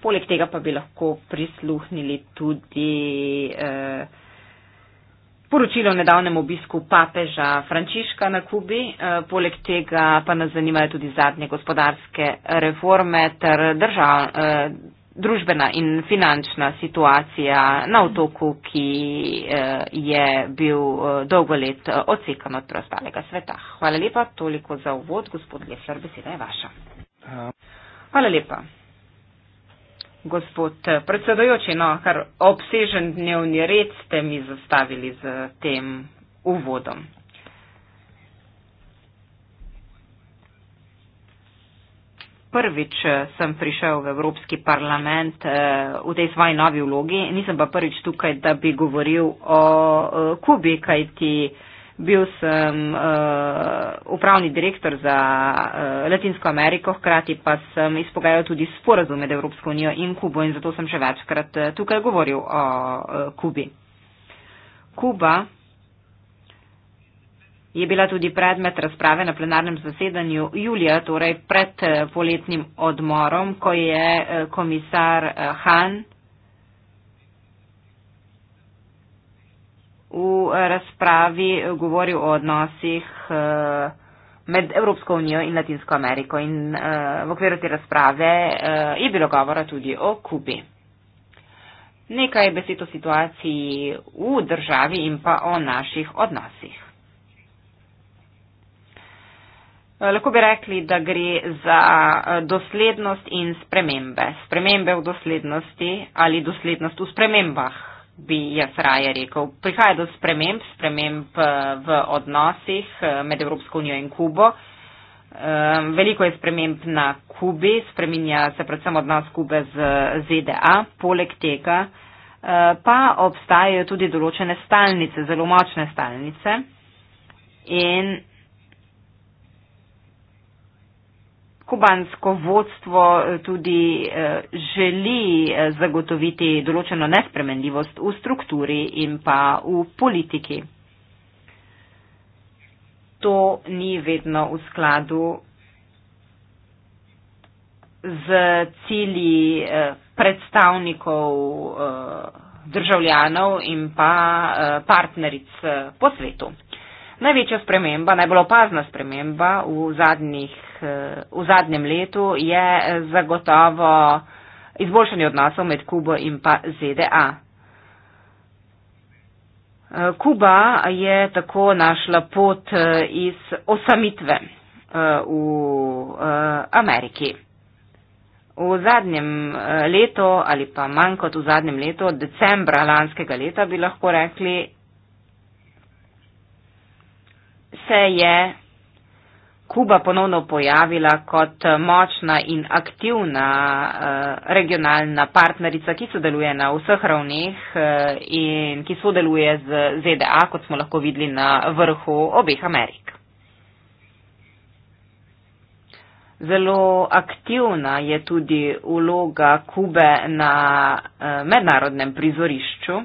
Poleg tega pa bi lahko prisluhnili tudi. Uh, Poročilo o nedavnem obisku papeža Frančiška na Kubi, eh, poleg tega pa nas zanimajo tudi zadnje gospodarske reforme ter držav, eh, družbena in finančna situacija na otoku, ki eh, je bil dolgo let odsekan od preostalega sveta. Hvala lepa, toliko za uvod, gospod Lefler, beseda je vaša. Ja. Hvala lepa gospod predsedojoči, no, kar obsežen dnevni red ste mi zastavili z tem uvodom. Prvič eh, sem prišel v Evropski parlament eh, v tej svoji novi vlogi, nisem pa prvič tukaj, da bi govoril o eh, Kubi, kajti Bil sem uh, upravni direktor za uh, Latinsko Ameriko, hkrati pa sem izpogajal tudi sporazum med Evropsko unijo in Kubo in zato sem še večkrat eh, tukaj govoril o uh, Kubi. Kuba je bila tudi predmet razprave na plenarnem zasedanju julija, torej pred poletnim odmorom, ko je komisar Han uh, v razpravi govoril o odnosih eh, med Evropsko unijo in Latinsko Ameriko in eh, v okviru te razprave eh, je bilo govora tudi o Kubi. Nekaj besed o situaciji v državi in pa o naših odnosih. Lahko bi rekli, da gre za doslednost in spremembe. Spremembe v doslednosti ali doslednost v spremembah bi je Fraje rekel. Prihaja do sprememb, sprememb eh, v odnosih eh, med Evropsko unijo in Kubo. Eh, veliko je sprememb na Kubi, spreminja se predvsem odnos Kube z ZDA, poleg tega pa obstajajo tudi določene stalnice, zelo močne stalnice. In kubansko vodstvo eh, tudi eh, želi eh, zagotoviti določeno nespremenljivost v strukturi in pa v politiki. To ni vedno v skladu z cilji predstavnikov državljanov in pa partneric po svetu. Največja sprememba, najbolj opazna sprememba v, zadnjih, eh, v zadnjem letu je eh, zagotovo izboljšanje odnosov med Kubo in pa ZDA. Eh, Kuba je tako našla pot iz osamitve v Ameriki. V zadnjem letu ali pa manj kot v zadnjem letu, decembra lanskega leta bi lahko rekli, se je Kuba ponovno pojavila kot eh, močna in aktivna eh, regionalna partnerica, ki sodeluje na vseh ravneh eh, in ki sodeluje z ZDA, kot smo lahko videli na vrhu obeh Amerik. Zelo aktivna je tudi vloga Kube na mednarodnem prizorišču.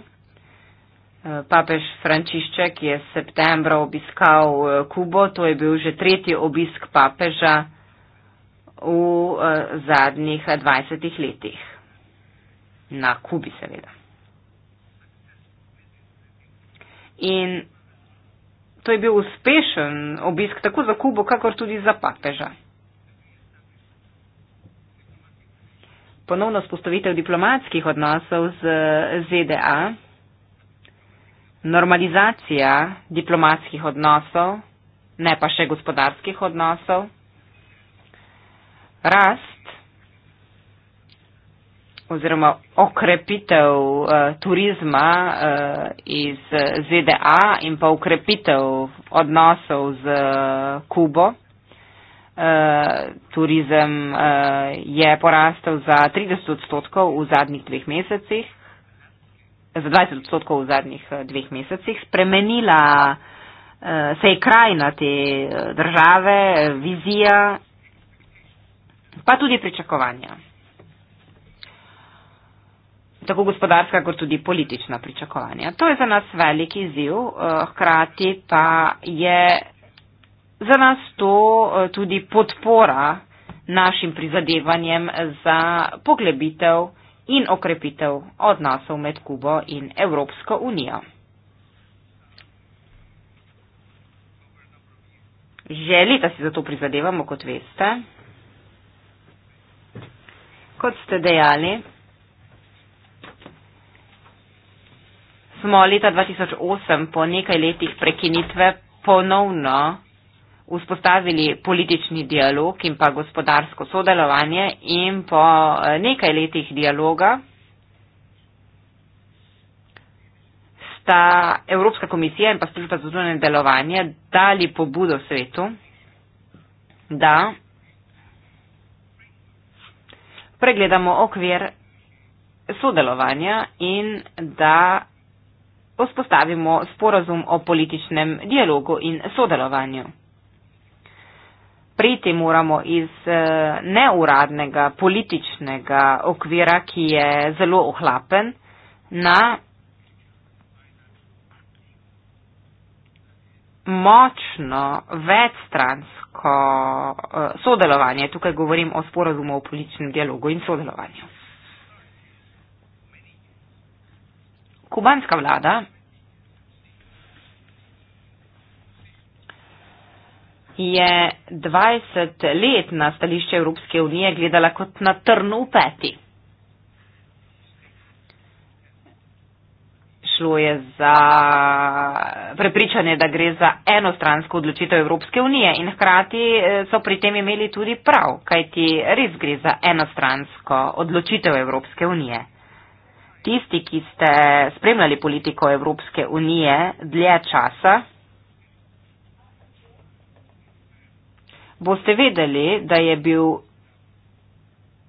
Eh, papež Frančišček je septembra obiskal eh, Kubo, to je bil že tretji obisk papeža v eh, zadnjih 20 letih. Na Kubi seveda. In to je bil uspešen obisk tako za Kubo, kakor tudi za papeža. Ponovno spostavitev diplomatskih odnosov z ZDA normalizacija diplomatskih odnosov, ne pa še gospodarskih odnosov, rast oziroma okrepitev eh, turizma eh, iz ZDA in pa okrepitev odnosov z eh, Kubo. Eh, turizem eh, je porastel za 30 odstotkov v zadnjih dveh mesecih za 20 odstotkov v zadnjih eh, dveh mesecih spremenila, eh, se je krajina te eh, države, vizija, pa tudi pričakovanja. Tako gospodarska, kot tudi politična pričakovanja. To je za nas velik izziv, hkrati pa je za nas to tudi podpora našim prizadevanjem za poglebitev in okrepitev odnosov med Kubo in Evropsko unijo. Že leta si za to prizadevamo, kot veste. Kot ste dejali, smo leta 2008 po nekaj letih prekinitve ponovno vzpostavili politični dialog in pa gospodarsko sodelovanje in po eh, nekaj letih dialoga sta Evropska komisija in pa služba za zunanje delovanje dali pobudo svetu, da pregledamo okvir sodelovanja in da vzpostavimo sporazum o političnem dialogu in sodelovanju priti moramo iz eh, neuradnega političnega okvira, ki je zelo ohlapen, na močno večstransko eh, sodelovanje. Tukaj govorim o sporozumu o političnem dialogu in sodelovanju. Kubanska vlada je 20 let na stališče Evropske unije gledala kot na trnu v peti. Šlo je za prepričanje, da gre za enostransko odločitev Evropske unije in hkrati eh, so pri tem imeli tudi prav, kajti res gre za enostransko odločitev Evropske unije. Tisti, ki ste spremljali politiko Evropske unije dlje časa, boste vedeli, da je bil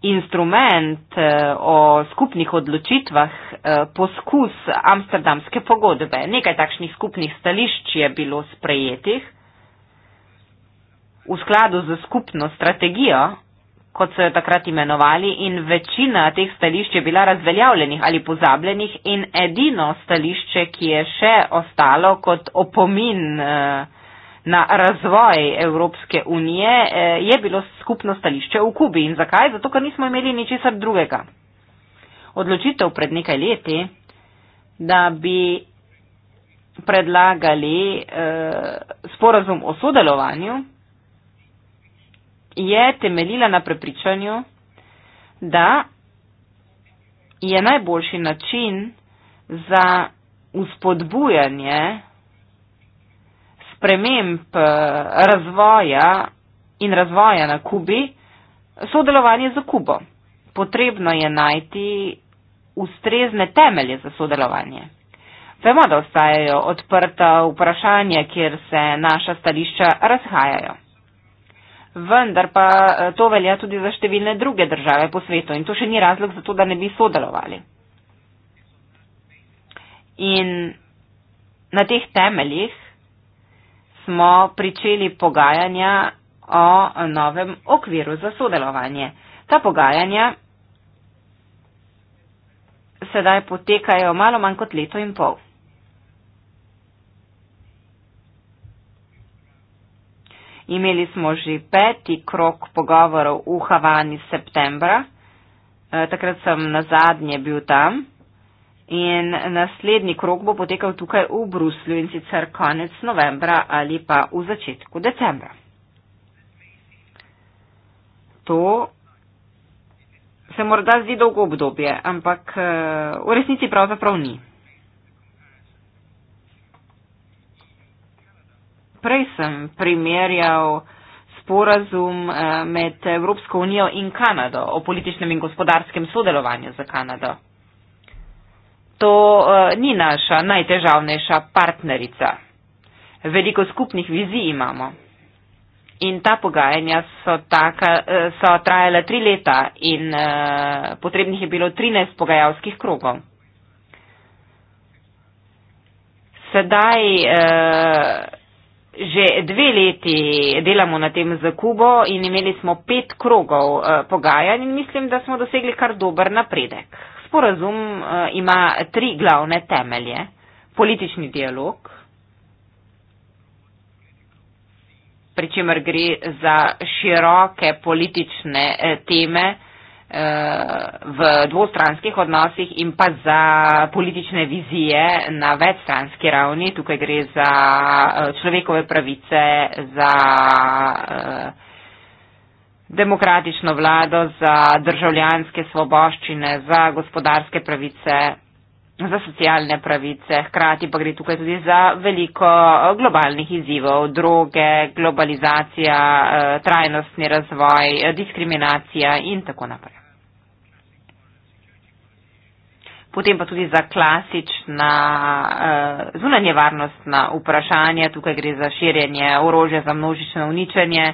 instrument eh, o skupnih odločitvah eh, poskus amsterdamske pogodbe. Nekaj takšnih skupnih stališč je bilo sprejetih v skladu z skupno strategijo, kot so jo takrat imenovali, in večina teh stališč je bila razveljavljenih ali pozabljenih in edino stališče, ki je še ostalo kot opomin. Uh, na razvoj Evropske unije, eh, je bilo skupno stališče v Kubi. In zakaj? Zato, ker nismo imeli ničesar drugega. Odločitev pred nekaj leti, da bi predlagali eh, sporazum o sodelovanju, je temeljila na prepričanju, da je najboljši način za uspodbujanje sprememb eh, razvoja in razvoja na Kubi sodelovanje z Kubo. Potrebno je najti ustrezne temelje za sodelovanje. Vemo, da ostajajo odprta vprašanja, kjer se naša stališča razhajajo. Vendar pa eh, to velja tudi za številne druge države po svetu in to še ni razlog za to, da ne bi sodelovali. In na teh temeljih smo pričeli pogajanja o novem okviru za sodelovanje. Ta pogajanja sedaj potekajo malo manj kot leto in pol. Imeli smo že peti krok pogovorov v Havani septembra. E, takrat sem na zadnje bil tam. In naslednji krok bo potekal tukaj v Bruslju in sicer konec novembra ali pa v začetku decembra. To se morda zdi dolgo obdobje, ampak eh, v resnici pravzaprav ni. Prej sem primerjal sporazum eh, med Evropsko unijo in Kanado o političnem in gospodarskem sodelovanju za Kanado to uh, ni naša najtežavnejša partnerica. Veliko skupnih vizij imamo. In ta pogajanja so, taka, eh, so trajala tri leta in uh, potrebnih je bilo 13 pogajalskih krogov. Sedaj uh, že dve leti delamo na tem za Kubo in imeli smo pet krogov uh, pogajanj in mislim, da smo dosegli kar dober napredek sporazum eh, ima tri glavne temelje. Politični dialog, pri čemer gre za široke politične eh, teme eh, v dvostranskih odnosih in pa za politične vizije na večstranski ravni. Tukaj gre za človekove pravice, za. Uh, demokratično vlado, za državljanske svoboščine, za gospodarske pravice, za socialne pravice. Hkrati pa gre tukaj tudi za veliko globalnih izzivov, droge, globalizacija, eh, trajnostni razvoj, eh, diskriminacija in tako naprej. Potem pa tudi za klasična eh, zunanje varnostna vprašanja. Tukaj gre za širjenje orožja, za množično uničenje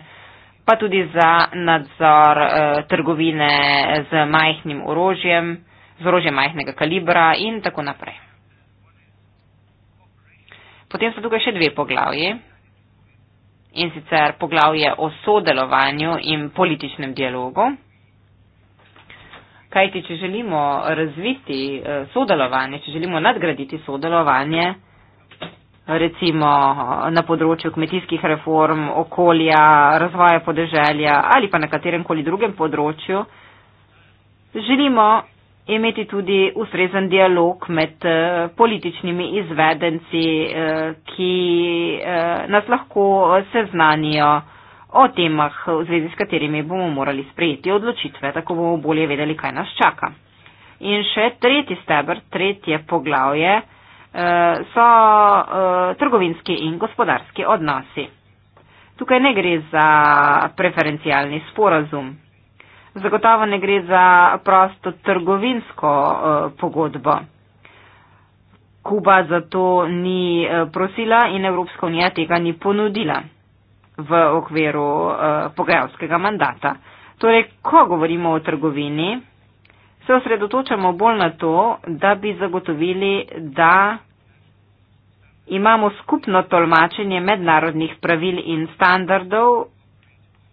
pa tudi za nadzor uh, trgovine z majhnim orožjem, z orožjem majhnega kalibra in tako naprej. Potem so tukaj še dve poglavji in sicer poglavje o sodelovanju in političnem dialogu. Kajti, če želimo razviti eh, sodelovanje, če želimo nadgraditi sodelovanje, recimo na področju kmetijskih reform, okolja, razvoja podeželja ali pa na katerem koli drugem področju, želimo imeti tudi ustrezen dialog med eh, političnimi izvedenci, eh, ki eh, nas lahko seznanijo o temah, v zvezi s katerimi bomo morali sprejeti odločitve, tako bomo bolje vedeli, kaj nas čaka. In še tretji stebr, tretje poglavje, Eh, so eh, trgovinski in gospodarski odnosi. Tukaj ne gre za preferencialni sporazum. Zagotovo ne gre za prosto trgovinsko eh, pogodbo. Kuba za to ni prosila in Evropska unija tega ni ponudila v okviru pogajalskega mandata. Torej, ko govorimo o trgovini, se osredotočamo bolj na to, da bi zagotovili, da imamo skupno tolmačenje mednarodnih pravil in standardov,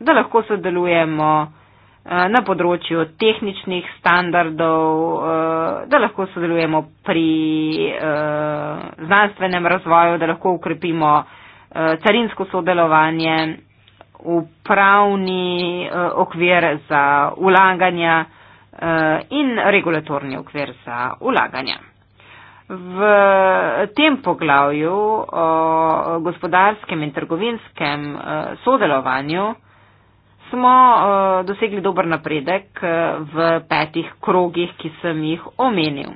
da lahko sodelujemo eh, na področju tehničnih standardov, eh, da lahko sodelujemo pri eh, znanstvenem razvoju, da lahko ukrepimo carinsko sodelovanje, upravni okvir za ulaganja, Eh, in regulatorni okvir za ulaganja. V tem poglavju o gospodarskem in trgovinskem eh, sodelovanju smo eh, dosegli dober napredek v petih krogih, ki sem jih omenil.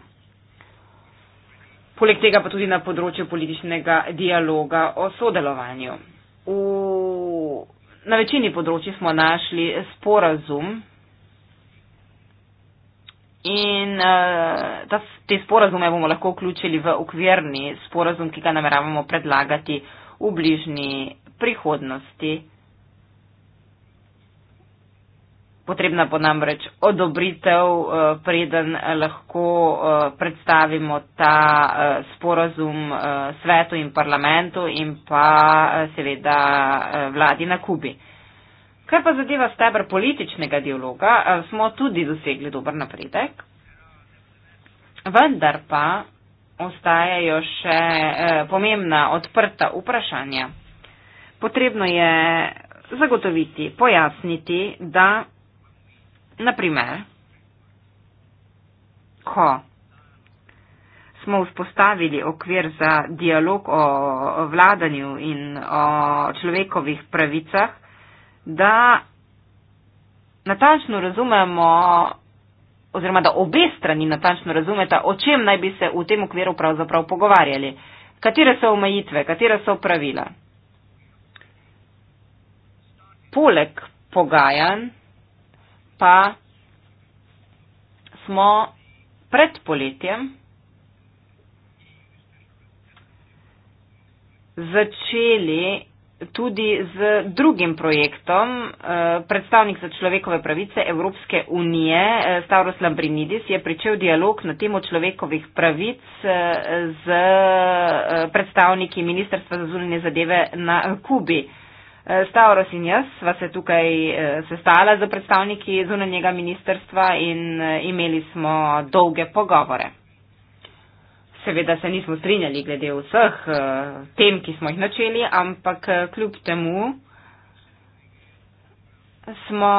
Poleg tega pa tudi na področju političnega dialoga o sodelovanju. V, na večini področji smo našli sporazum In uh, ta, te sporazume bomo lahko vključili v okvirni sporazum, ki ga nameravamo predlagati v bližnji prihodnosti. Potrebna bo namreč odobritev, eh, preden lahko eh, predstavimo ta sporazum svetu in parlamentu in pa seveda vladi na Kubi. Kaj pa zadeva stebr političnega dialoga, eh, smo tudi dosegli dober napredek. Vendar pa ostajajo še eh, pomembna odprta vprašanja. Potrebno je zagotoviti, pojasniti, da naprimer, ko smo vzpostavili okvir za dialog o vladanju in o človekovih pravicah, da natančno razumemo oziroma da obe strani natančno razumeta, o čem naj bi se v tem okviru pravzaprav pogovarjali, katere so omejitve, katere so pravila. Poleg pogajanj pa smo pred poletjem začeli tudi z drugim projektom. Eh, predstavnik za človekove pravice Evropske unije, eh, Stavros Lambrinidis, je pričel dialog na temo človekovih pravic eh, z predstavniki Ministrstva za zunanje zadeve na Kubi. Stavros in jaz sva se tukaj sestala z predstavniki zunanjega ministerstva in imeli smo dolge pogovore seveda se nismo strinjali glede vseh eh, tem, ki smo jih načeli, ampak eh, kljub temu smo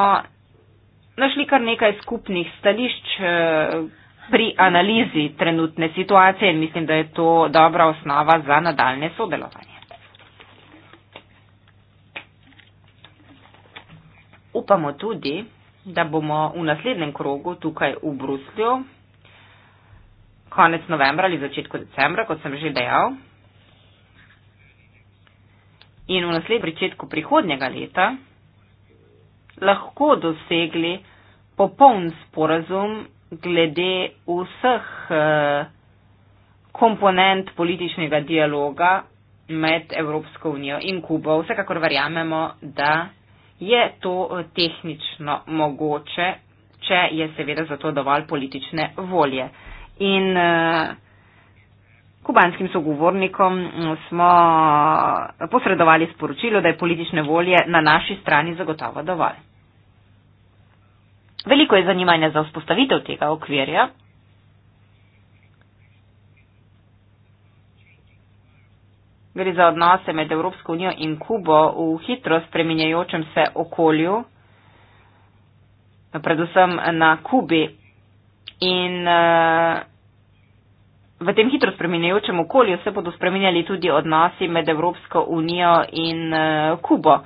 našli kar nekaj skupnih stališč eh, pri analizi trenutne situacije in mislim, da je to dobra osnova za nadaljne sodelovanje. Upamo tudi, da bomo v naslednjem krogu tukaj v Bruslju konec novembra ali začetku decembra, kot sem že dejal. In v naslednjem pričetku prihodnjega leta lahko dosegli popoln sporazum glede vseh eh, komponent političnega dialoga med Evropsko unijo in Kubo. Vsekakor verjamemo, da je to eh, tehnično mogoče, če je seveda za to dovolj politične volje in eh, kubanskim sogovornikom mm, smo eh, posredovali sporočilo, da je politične volje na naši strani zagotovo dovolj. Veliko je zanimanja za vzpostavitev tega okvirja. Gre za odnose med Evropsko unijo in Kubo v hitro spreminjajočem se okolju, predvsem na Kubi. In uh, v tem hitro spremenjajočem okolju se bodo spremenjali tudi odnosi med Evropsko unijo in eh, Kubo.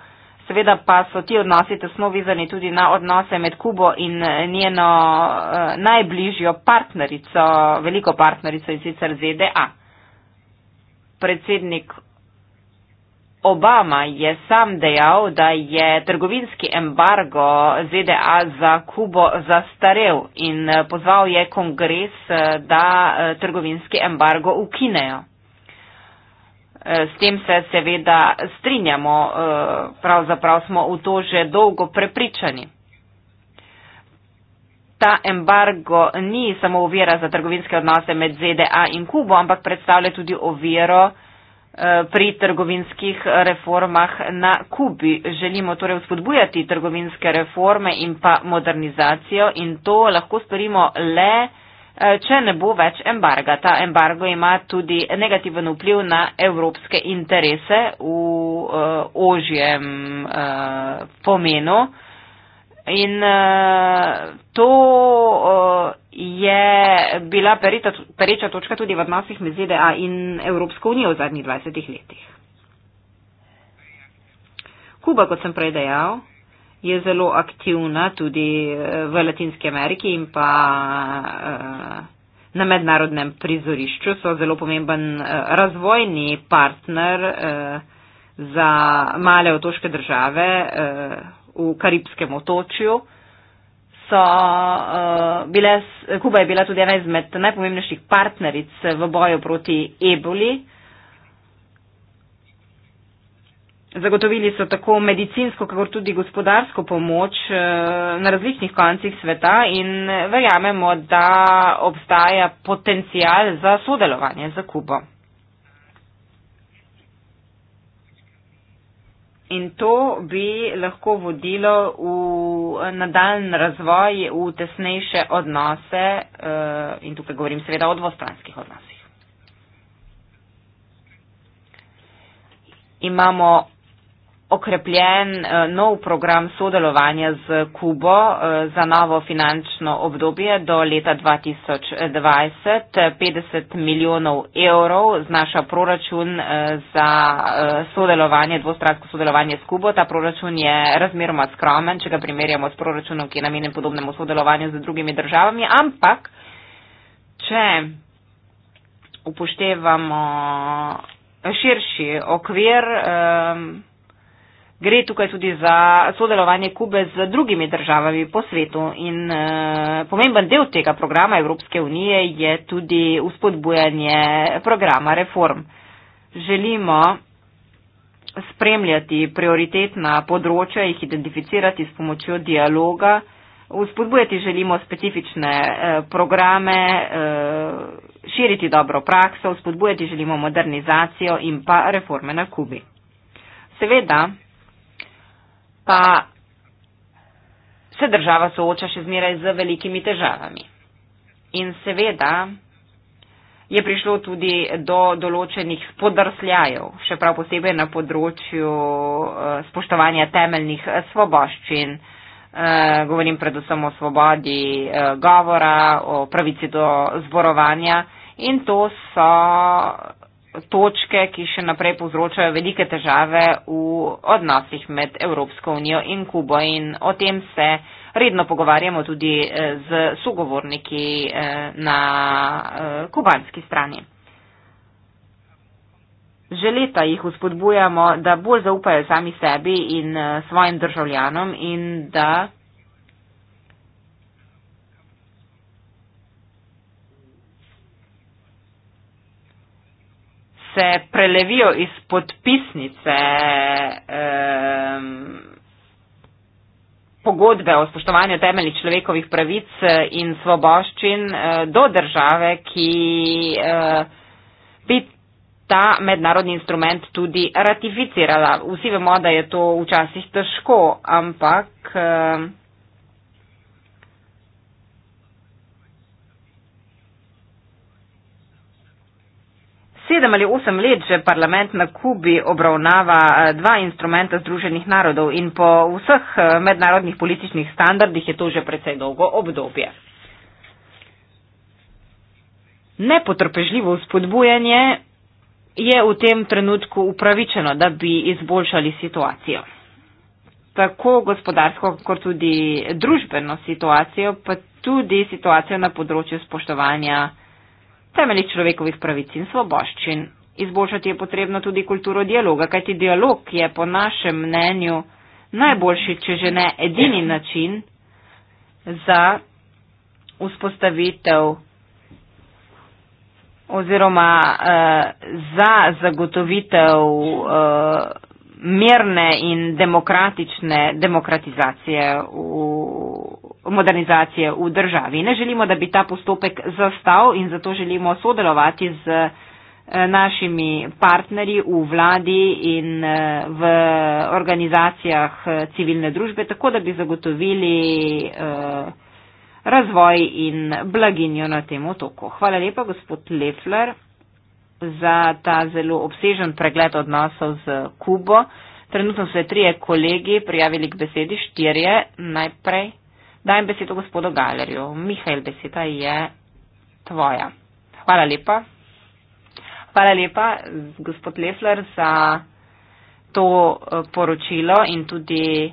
Seveda pa so ti odnosi tesno vizani tudi na odnose med Kubo in eh, njeno eh, najbližjo partnerico, veliko partnerico in sicer ZDA. Predsednik Obama je sam dejal, da je trgovinski embargo ZDA za Kubo zastarel in eh, pozval je kongres, eh, da eh, trgovinski embargo ukinejo. S tem se seveda strinjamo, pravzaprav smo v to že dolgo prepričani. Ta embargo ni samo ovira za trgovinske odnose med ZDA in Kubo, ampak predstavlja tudi oviro, Eh, pri trgovinskih reformah na Kubi. Želimo torej vzpodbujati trgovinske reforme in pa modernizacijo in to lahko storimo le, eh, če ne bo več embarga. Ta embargo ima tudi negativen vpliv na evropske interese v eh, ožjem pomenu. Uh, In uh, to uh, je bila perita, pereča točka tudi v odnosih med ZDA in Evropsko unijo v zadnjih 20 letih. Kuba, kot sem prej dejal, je zelo aktivna tudi eh, v Latinski Ameriki in pa uh, na mednarodnem prizorišču. So zelo pomemben uh, razvojni partner uh, za male otoške države. Uh, v Karibskem otočju. So, uh, bile, Kuba je bila tudi ena izmed najpomembnejših partneric v boju proti eboli. Zagotovili so tako medicinsko, kakor tudi gospodarsko pomoč eh, na različnih koncih sveta in verjamemo, da obstaja potencial za sodelovanje za Kubo. in to bi lahko vodilo v nadaljen razvoj, v tesnejše odnose eh, in tukaj govorim seveda o dvostranskih odnosih. Imamo okrepljen eh, nov program sodelovanja z Kubo eh, za novo finančno obdobje do leta 2020. 50 milijonov evrov znaša proračun eh, za sodelovanje, dvostransko sodelovanje s Kubo. Ta proračun je razmeroma skromen, če ga primerjamo s proračunom, ki je namenjen podobnemu sodelovanju z drugimi državami. Ampak, če upoštevamo širši okvir, um, Gre tukaj tudi za sodelovanje Kube z drugimi državami po svetu in e, pomemben del tega programa Evropske unije je tudi uspodbujanje programa reform. Želimo spremljati prioritetna področja, jih identificirati s pomočjo dialoga, uspodbujati želimo specifične e, programe, e, širiti dobro prakso, uspodbujati želimo modernizacijo in pa reforme na Kubi. Seveda, pa se država sooča še zmeraj z velikimi težavami. In seveda je prišlo tudi do določenih podrsljajev, še prav posebej na področju eh, spoštovanja temeljnih eh, svoboščin. Eh, govorim predvsem o svobodi govora, o pravici do zborovanja. In to so točke, ki še naprej povzročajo velike težave v odnosih med Evropsko unijo in Kubo. In o tem se redno pogovarjamo tudi eh, z sogovorniki eh, na eh, kubanski strani. Že leta jih uspodbujamo, da bolj zaupajo sami sebi in svojim državljanom in da se prelevijo iz podpisnice um, pogodbe o spoštovanju temeljnih človekovih pravic eh, in svoboščin uh, do države, ki uh, bi ta mednarodni instrument tudi ratificirala. Vsi vemo, da je to včasih težko, ampak. Uh, Sedem ali osem let že parlament na Kubi obravnava eh, dva instrumenta Združenih narodov in po vseh eh, mednarodnih političnih standardih je to že precej dolgo obdobje. Nepotrpežljivo spodbujanje je v tem trenutku upravičeno, da bi izboljšali situacijo. Tako gospodarsko, kot tudi družbeno situacijo, pa tudi situacijo na področju spoštovanja temeljih človekovih pravic in svoboščin. Izboljšati je potrebno tudi kulturo dialoga, kajti dialog je po našem mnenju najboljši, če že ne edini način za vzpostavitev oziroma eh, za zagotovitev eh, mirne in demokratične demokratizacije v modernizacije v državi. Ne želimo, da bi ta postopek zastal in zato želimo sodelovati z eh, našimi partnerji v vladi in eh, v organizacijah eh, civilne družbe, tako da bi zagotovili razvoj in blaginjo na tem otoku. Hvala lepa, gospod Lefler, za ta zelo obsežen pregled odnosov z Kubo. Trenutno so se trije kolegi prijavili k besedi, štirje najprej. Dajem besedo gospodu Galerju. Mihajl, beseda je tvoja. Hvala lepa. Hvala lepa, gospod Lefler, za to eh, poročilo in tudi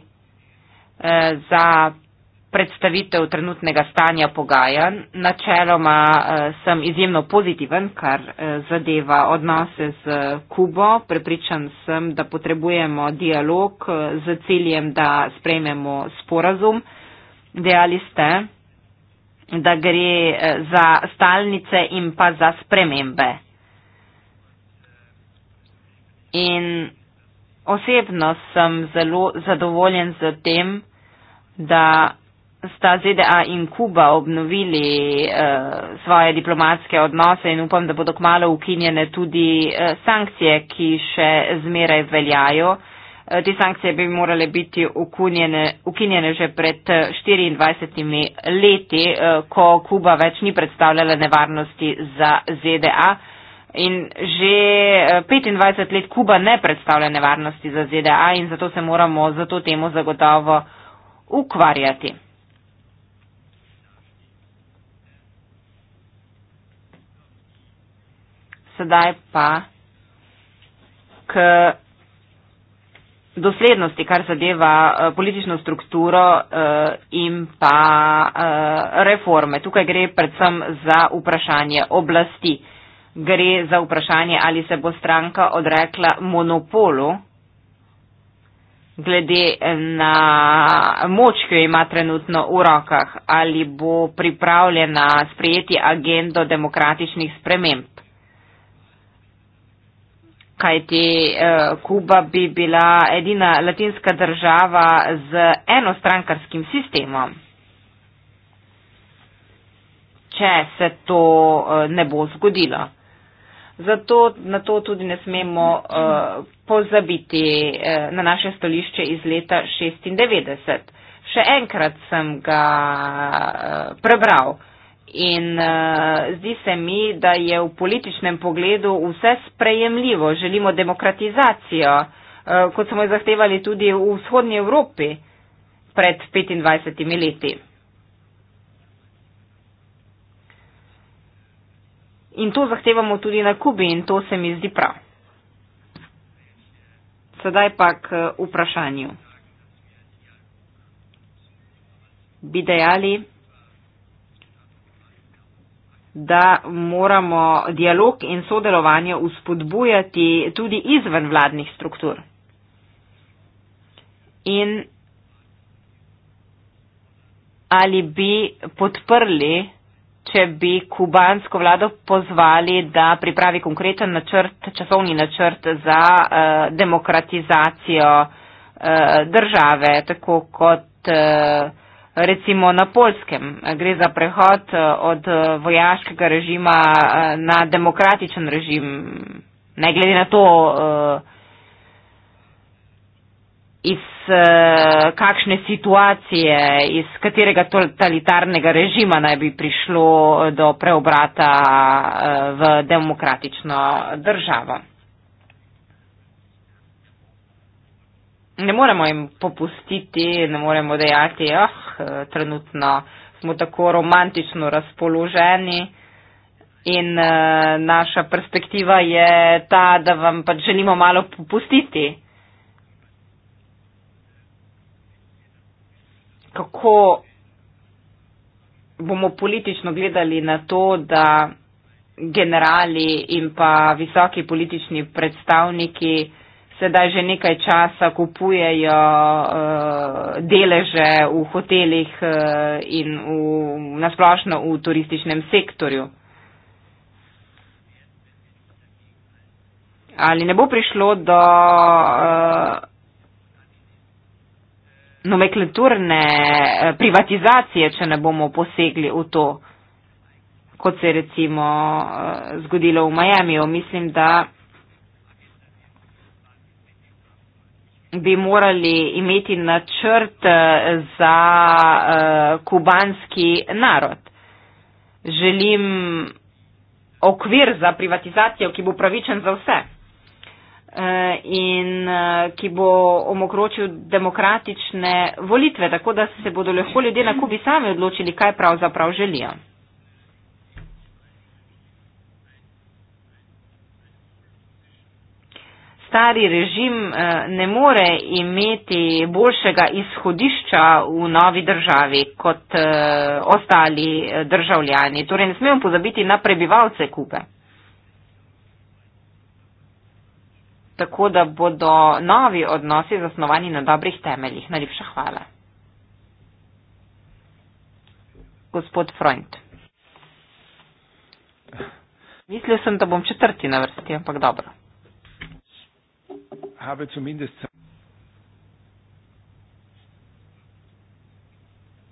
eh, za predstavitev trenutnega stanja pogajanj. Načeloma eh, sem izjemno pozitiven, kar eh, zadeva odnose z eh, Kubo. Prepričan sem, da potrebujemo dialog eh, z ciljem, da sprejmemo sporazum. Eh, dejali ste, da gre eh, za stalnice in pa za spremembe. In osebno sem zelo zadovoljen z tem, da sta ZDA in Kuba obnovili eh, svoje diplomatske odnose in upam, da bodo kmalo ukinjene tudi eh, sankcije, ki še zmeraj veljajo. Eh, te sankcije bi morale biti ukinjene že pred 24 eh, leti, eh, ko Kuba več ni predstavljala nevarnosti za ZDA. In že 25 let Kuba ne predstavlja nevarnosti za ZDA in zato se moramo za to temo zagotovo ukvarjati. Sedaj pa k doslednosti, kar zadeva uh, politično strukturo uh, in pa uh, reforme. Tukaj gre predvsem za vprašanje oblasti. Gre za vprašanje, ali se bo stranka odrekla monopolu glede na moč, ki jo ima trenutno v rokah, ali bo pripravljena sprejeti agendo demokratičnih sprememb kajti uh, Kuba bi bila edina latinska država z enostrankarskim sistemom. Če se to uh, ne bo zgodilo. Zato na to tudi ne smemo uh, pozabiti uh, na naše stolišče iz leta 96. Še enkrat sem ga uh, prebral. In uh, zdi se mi, da je v političnem pogledu vse sprejemljivo. Želimo demokratizacijo, uh, kot smo jo zahtevali tudi v vzhodnji Evropi pred 25 leti. In to zahtevamo tudi na Kubi in to se mi zdi prav. Sedaj pa k eh, vprašanju. Bi dejali, da moramo dialog in sodelovanje uspodbujati tudi izven vladnih struktur. In ali bi podprli, če bi kubansko vlado pozvali, da pripravi konkreten načrt, časovni načrt za uh, demokratizacijo uh, države, tako kot uh, recimo na polskem. Gre za prehod eh, od eh, vojaškega režima eh, na demokratičen režim. Ne glede na to, iz kakšne situacije, iz katerega totalitarnega režima naj bi prišlo do preobrata v demokratično državo. ne moremo jim popustiti, ne moremo dejati, da oh, trenutno smo tako romantično razpoloženi. In uh, naša perspektiva je ta, da vam pač želimo malo popustiti. Kako bomo politično gledali na to, da generali in pa visoki politični predstavniki uh, sedaj že nekaj časa kupujejo uh, deleže v hotelih uh, in v, nasplošno v turističnem sektorju. Ali ne bo prišlo do uh, nomenklaturne privatizacije, če ne bomo posegli v to, kot se je recimo uh, zgodilo v Miami? Mislim, da. bi morali imeti načrt eh, za uh, kubanski narod. Želim okvir za privatizacijo, ki bo pravičen za vse eh, in ki bo omogočil demokratične volitve, tako da se bodo lahko ljudje na Kubi sami odločili, kaj pravzaprav želijo. stari režim eh, ne more imeti boljšega izhodišča v novi državi kot eh, ostali eh, državljani. Torej ne smemo pozabiti na prebivalce Kube. Tako da bodo novi odnosi zasnovani na dobrih temeljih. Najlepša hvala. Gospod Freund. Mislil sem, da bom četrti na vrsti, ampak dobro habe zumindest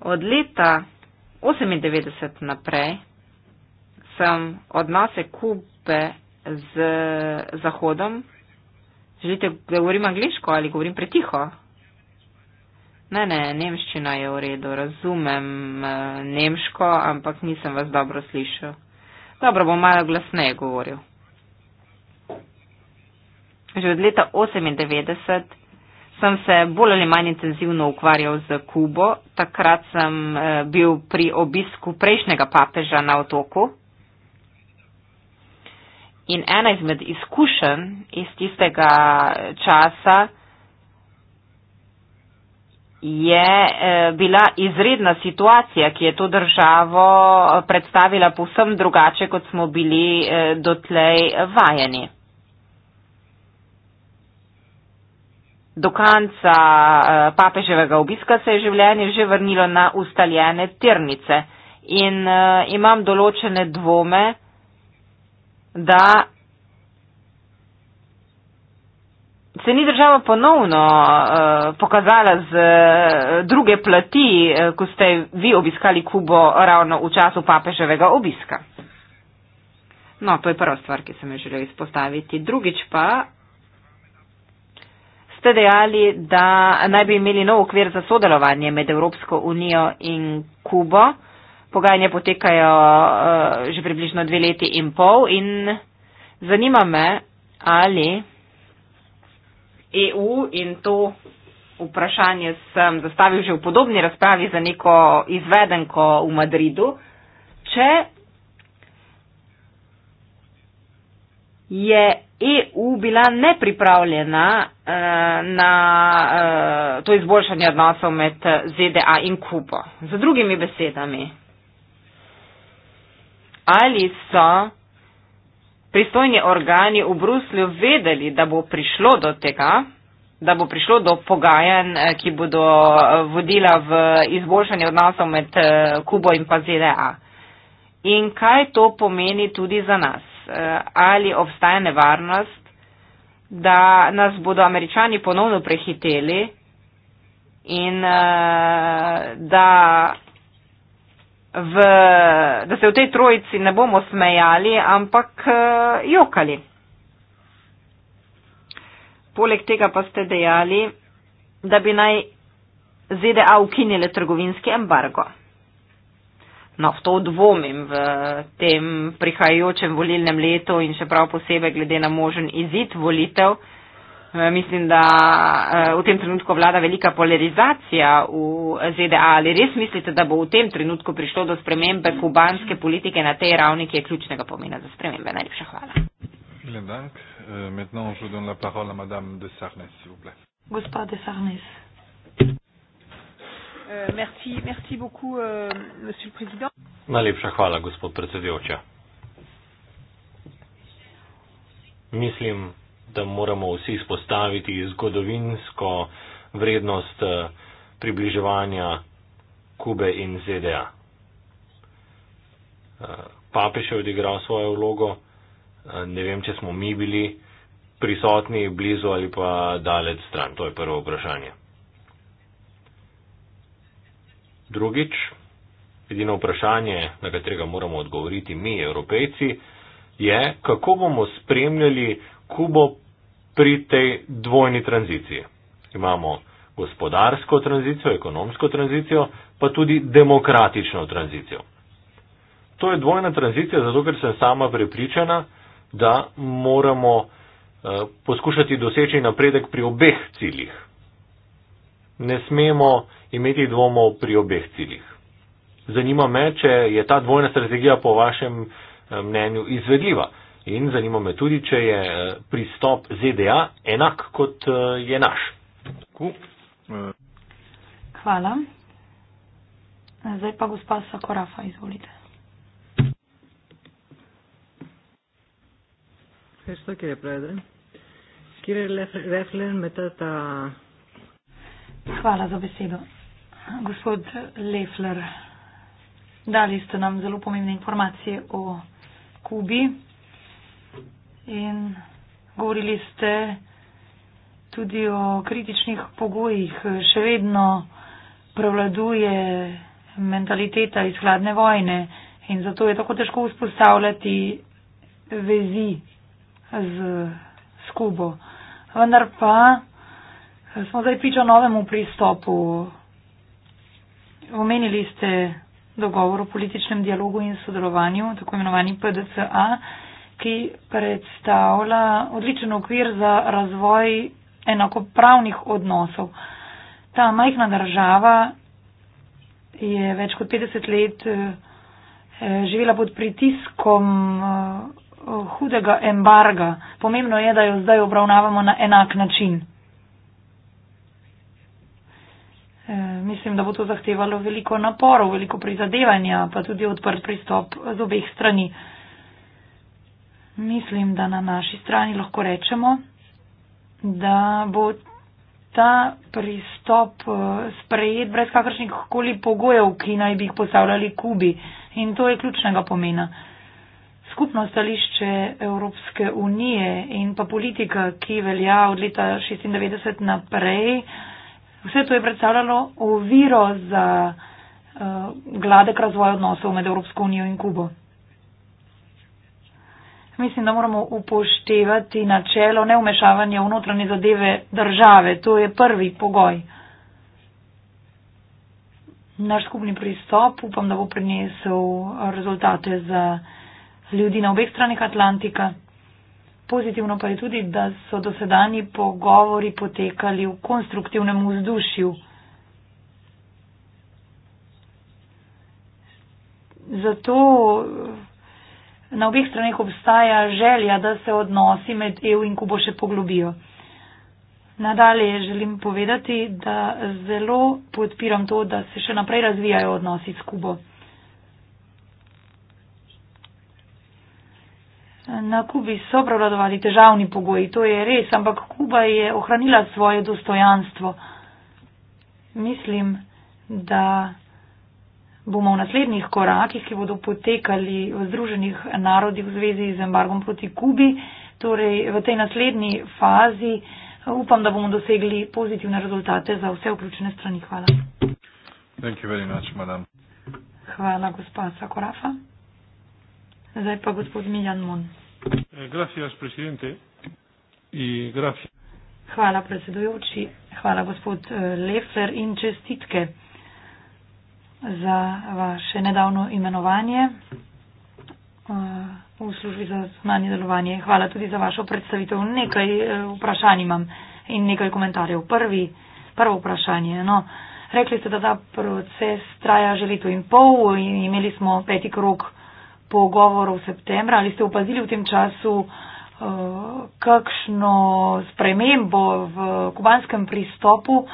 Od leta 98 naprej sem odnose Kube z Zahodom. Želite, da govorim angliško ali govorim pretiho? Ne, ne, nemščina je v redu, razumem eh, nemško, ampak nisem vas dobro slišal. Dobro, bom malo glasneje govoril že od leta 1998 sem se bolj ali manj intenzivno ukvarjal z Kubo. Takrat sem eh, bil pri obisku prejšnjega papeža na otoku. In ena izmed izkušenj iz tistega časa je eh, bila izredna situacija, ki je to državo eh, predstavila povsem drugače, kot smo bili dotlej vajeni. Do konca eh, papeževega obiska se je življenje že vrnilo na ustaljene tirnice in eh, imam določene dvome, da se ni država ponovno eh, pokazala z druge plati, ko ste vi obiskali Kubo ravno v času papeževega obiska. No, to je prva stvar, ki sem jo želel izpostaviti. Drugič pa ste dejali, da naj bi imeli nov okvir za sodelovanje med Evropsko unijo in Kubo. Pogajanja potekajo uh, že približno dve leti in pol in zanima me, ali EU in to vprašanje sem zastavil že v podobni razpravi za neko izvedenko v Madridu, če je EU bila nepripravljena uh, na uh, to izboljšanje odnosov med eh, ZDA in Kubo. Z drugimi besedami, ali so pristojni organi v Bruslju vedeli, da bo prišlo do tega, da bo prišlo do pogajanj, ki bodo vodila v izboljšanje odnosov med Kubo in pa ZDA. In kaj to pomeni tudi za nas? Eh, ali obstaja nevarnost, da nas bodo američani ponovno prehiteli in eh, da, v, da se v tej trojici ne bomo smejali, ampak eh, jokali. Poleg tega pa ste dejali, da bi naj ZDA ukinile trgovinski embargo. No, v to dvomim v tem prihajajočem volilnem letu in še prav posebej glede na možen izid volitev. E, mislim, da e, v tem trenutku vlada velika polarizacija v ZDA. Ali res mislite, da bo v tem trenutku prišlo do spremembe kubanske politike na tej ravni, ki je ključnega pomena za spremembe? Najlepša hvala. Gospod e, Desarnes, Euh, merci, merci beaucoup, euh, Monsieur le Président. Najlepša hvala, gospod predsedujoča. Mislim, da moramo vsi izpostaviti zgodovinsko vrednost eh, približevanja Kube in ZDA. Eh, papež je odigral svojo vlogo, eh, ne vem, če smo mi bili prisotni blizu ali pa daleč stran, to je prvo vprašanje. Drugič, edino vprašanje, na katerega moramo odgovoriti mi, evropejci, je, kako bomo spremljali Kubo pri tej dvojni tranziciji. Imamo gospodarsko tranzicijo, ekonomsko tranzicijo, pa tudi demokratično tranzicijo. To je dvojna tranzicija, zato ker sem sama prepričana, da moramo eh, poskušati doseči napredek pri obeh ciljih. Ne smemo imeti dvomov pri obeh ciljih. Zanima me, če je ta dvojna strategija po vašem eh, mnenju izvedljiva in zanima me tudi, če je eh, pristop ZDA enak kot eh, je naš. Hvala. Zdaj pa gospa Sakorafa, izvolite. Esto quiere Pedro. Quiere refle meter a. Hola, dos besitos. Gospod Lefler, dali ste nam zelo pomembne informacije o Kubi in govorili ste tudi o kritičnih pogojih. Še vedno prevladuje mentaliteta iz hladne vojne in zato je tako težko vzpostavljati vezi z, s Kubo. Vendar pa smo zdaj pričo novemu pristopu Omenili ste dogovor o političnem dialogu in sodelovanju, tako imenovani PDCA, ki predstavlja odličen okvir za razvoj enakopravnih odnosov. Ta majhna država je več kot 50 let eh, živela pod pritiskom eh, hudega embarga. Pomembno je, da jo zdaj obravnavamo na enak način. mislim, da bo to zahtevalo veliko naporov, veliko prizadevanja, pa tudi odprt pristop z obeh strani. Mislim, da na naši strani lahko rečemo, da bo ta pristop eh, sprejet brez kakršnih koli pogojev, ki naj bi jih postavljali Kubi. In to je ključnega pomena. Skupno stališče Evropske unije in pa politika, ki velja od leta 1996 naprej, Vse to je predstavljalo oviro za uh, gladek razvoj odnosov med Evropsko unijo in Kubo. Mislim, da moramo upoštevati načelo neumešavanja vnotranje zadeve države. To je prvi pogoj. Naš skupni pristop upam, da bo prinesel rezultate za ljudi na obeh stranih Atlantika. Pozitivno pa je tudi, da so dosedani pogovori potekali v konstruktivnem vzdušju. Zato na obeh straneh obstaja želja, da se odnosi med EU in Kubo še poglobijo. Nadalje želim povedati, da zelo podpiram to, da se še naprej razvijajo odnosi s Kubo. Na Kubi so prevladovali težavni pogoji, to je res, ampak Kuba je ohranila svoje dostojanstvo. Mislim, da bomo v naslednjih korakih, ki bodo potekali v Združenih narodih v zvezi z embargom proti Kubi, torej v tej naslednji fazi, upam, da bomo dosegli pozitivne rezultate za vse vključene strani. Hvala. Hvala, gospod Sakorafa. Zdaj pa gospod Miljan Mon. Eh, gracias, presidente. Gracias. Hvala, predsedujoči. Hvala, gospod eh, Lefer in čestitke za vaše nedavno imenovanje eh, v službi za znanje delovanje. Hvala tudi za vašo predstavitev. Nekaj vprašanj imam in nekaj komentarjev. Prvi, prvo vprašanje. No, rekli ste, da ta proces traja že leto in pol in imeli smo peti krok pogovorov septembra, ali ste opazili v tem času uh, kakšno spremembo v kubanskem pristopu, uh,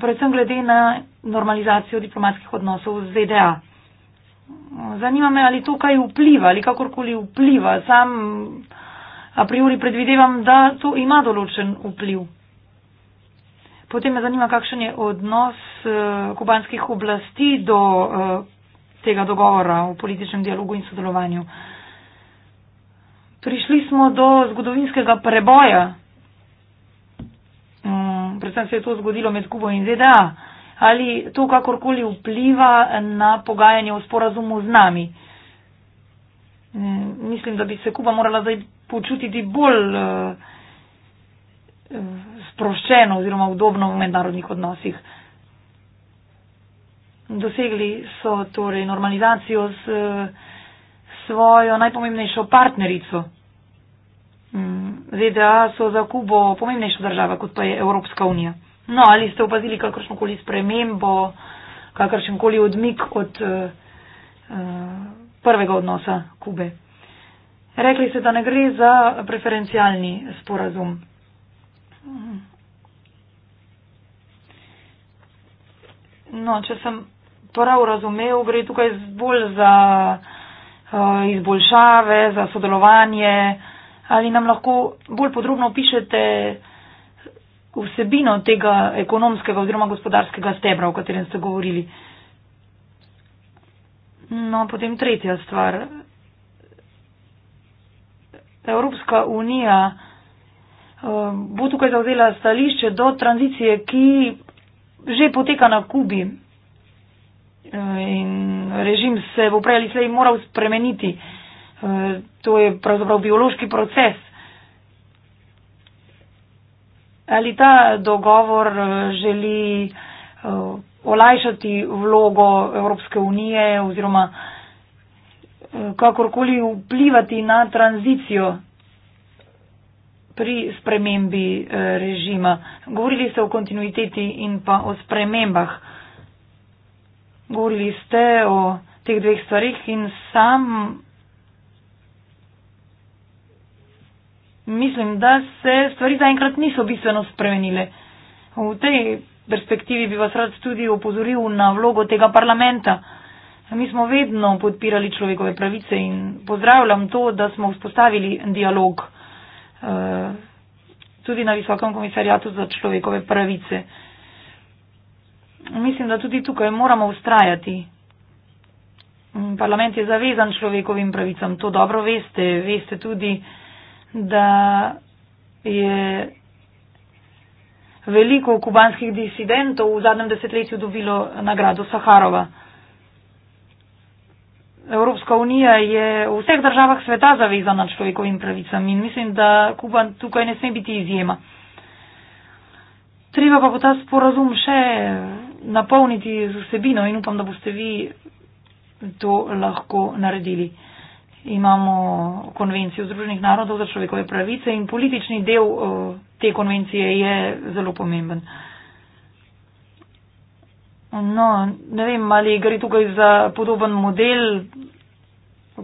predvsem glede na normalizacijo diplomatskih odnosov z ZDA. Zanima me, ali to kaj vpliva, ali kakorkoli vpliva. Sam a priori predvidevam, da to ima določen vpliv. Potem me zanima, kakšen je odnos uh, kubanskih oblasti do. Uh, tega dogovora v političnem dialogu in sodelovanju. Prišli smo do zgodovinskega preboja. Um, predvsem se je to zgodilo med Kubo in ZDA. Ali to kakorkoli vpliva na pogajanje o sporazumu z nami? Mm, mislim, da bi se Kuba morala zdaj počutiti bolj uh, sproščeno oziroma udobno v mednarodnih odnosih. Uh, Dosegli so torej normalizacijo s eh, svojo najpomembnejšo partnerico. Mm, ZDA so za Kubo pomembnejša država, kot pa je Evropska unija. No, ali ste opazili kakršnokoli spremembo, kakršenkoli odmik od uh, uh, prvega odnosa Kube? Rekli ste, da ne gre za preferencialni sporazum. Mm. No, če sem prav razumev, gre tukaj bolj za uh, izboljšave, za sodelovanje. Ali nam lahko bolj podrobno opišete vsebino tega ekonomskega oziroma gospodarskega stebra, o katerem ste govorili? No, potem tretja stvar. Evropska unija eh, bo tukaj zauzela stališče do tranzicije, ki že poteka na Kubi in režim se bo prej ali slej moral spremeniti. Eh, to je pravzaprav biološki proces. Ali ta dogovor eh, želi eh, olajšati vlogo Evropske unije oziroma kakorkoli vplivati na tranzicijo pri spremembi režima. Govorili ste o kontinuiteti in pa o spremembah govorili ste o teh dveh stvarih in sam mislim, da se stvari zaenkrat niso bistveno spremenile. V tej perspektivi bi vas rad tudi opozoril na vlogo tega parlamenta. Mi smo vedno podpirali človekove pravice in pozdravljam to, da smo vzpostavili dialog eh, tudi na Visokem komisarjatu za človekove pravice mislim, da tudi tukaj moramo ustrajati. Parlament je zavezan človekovim pravicam, to dobro veste. Veste tudi, da je veliko kubanskih disidentov v zadnjem desetletju dobilo nagrado Saharova. Evropska unija je v vseh državah sveta zavezana človekovim pravicam in mislim, da Kuba tukaj ne sme biti izjema. Treba pa bo ta sporazum še napolniti z vsebino in upam, da boste vi to lahko naredili. Imamo konvencijo Združenih narodov za človekove pravice in politični del eh, te konvencije je zelo pomemben. No, ne vem, ali gre tukaj za podoben model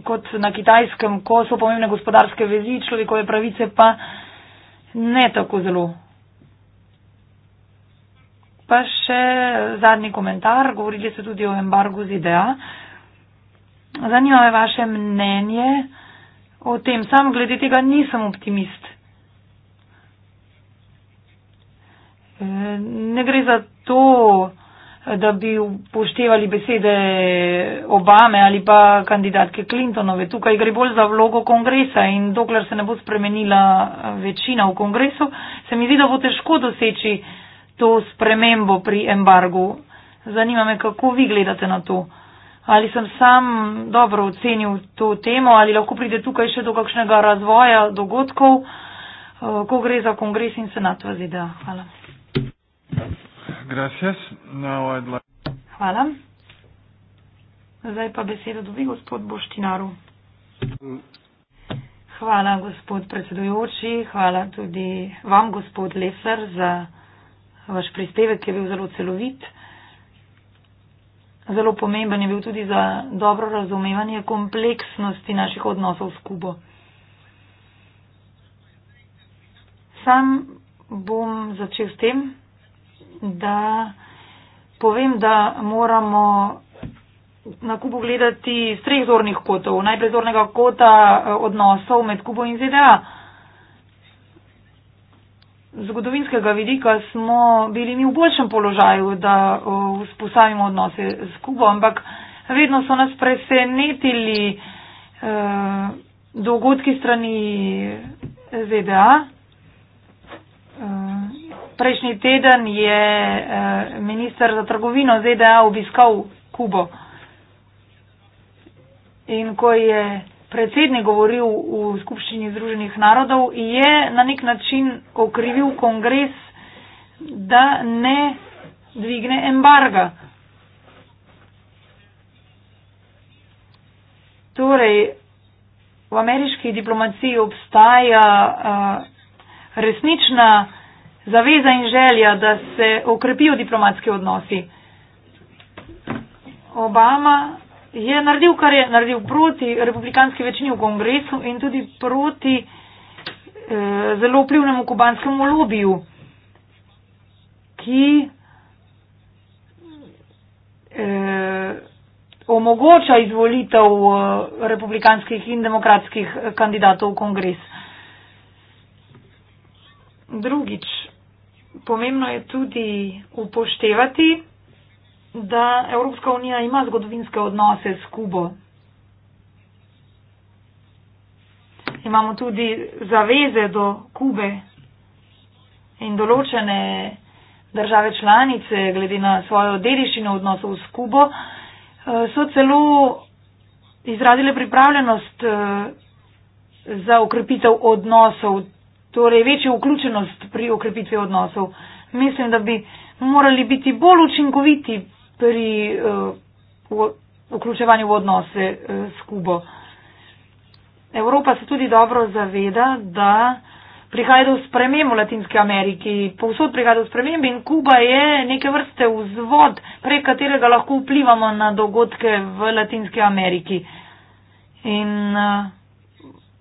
kot na kitajskem, ko so pomembne gospodarske vezi, človekove pravice pa ne tako zelo. Pa še zadnji komentar, govorili ste tudi o embargu ZDA. Zanima me vaše mnenje o tem. Sam glede tega nisem optimist. E, ne gre za to, da bi upoštevali besede Obame ali pa kandidatke Clintonove. Tukaj gre bolj za vlogo kongresa in dokler se ne bo spremenila večina v kongresu, se mi zdi, da bo težko doseči to spremembo pri embargu. Zanima me, kako vi gledate na to. Ali sem sam dobro ocenil to temo, ali lahko pride tukaj še do kakšnega razvoja dogodkov, eh, ko gre za kongres in senat v ZDA. Hvala. Hvala. Zdaj pa besedo dobi gospod Boštinaru. Hvala, gospod predsedujoči. Hvala tudi vam, gospod Lefer, za vaš prispevek je bil zelo celovit. Zelo pomemben je bil tudi za dobro razumevanje kompleksnosti naših odnosov s Kubo. Sam bom začel s tem, da povem, da moramo na Kubo gledati iz treh zornih kotov. Najprej zornega kota eh, odnosov med Kubo in ZDA zgodovinskega vidika smo bili mi v boljšem položaju, da vzpostavimo odnose z Kubo, ampak vedno so nas presenetili eh, dogodki strani ZDA. Eh, prejšnji teden je eh, minister za trgovino ZDA obiskal Kubo. In ko je predsednik govoril v skupščini Združenih narodov, je na nek način okrivil kongres, da ne dvigne embarga. Torej, v ameriški diplomaciji obstaja uh, resnična zaveza in želja, da se okrepijo diplomatski odnosi. Obama je naredil, kar je naredil proti republikanski večini v kongresu in tudi proti eh, zelo vplivnemu kubanskemu lobiju, ki eh, omogoča izvolitev eh, republikanskih in demokratskih kandidatov v kongres. Drugič, pomembno je tudi upoštevati, da Evropska unija ima zgodovinske odnose s Kubo. Imamo tudi zaveze do Kube in določene države članice, glede na svojo dediščino odnosov s Kubo, eh, so celo izrazile pripravljenost eh, za okrepitev odnosov, torej večjo vključenost pri okrepitvi odnosov. Mislim, da bi morali biti bolj učinkoviti pri uh, vključevanju v odnose uh, s Kubo. Evropa se tudi dobro zaveda, da prihaja do sprememb v Latinski Ameriki. Povsod prihaja do sprememb in Kuba je neke vrste vzvod, prek katerega lahko vplivamo na dogodke v Latinski Ameriki. In eh,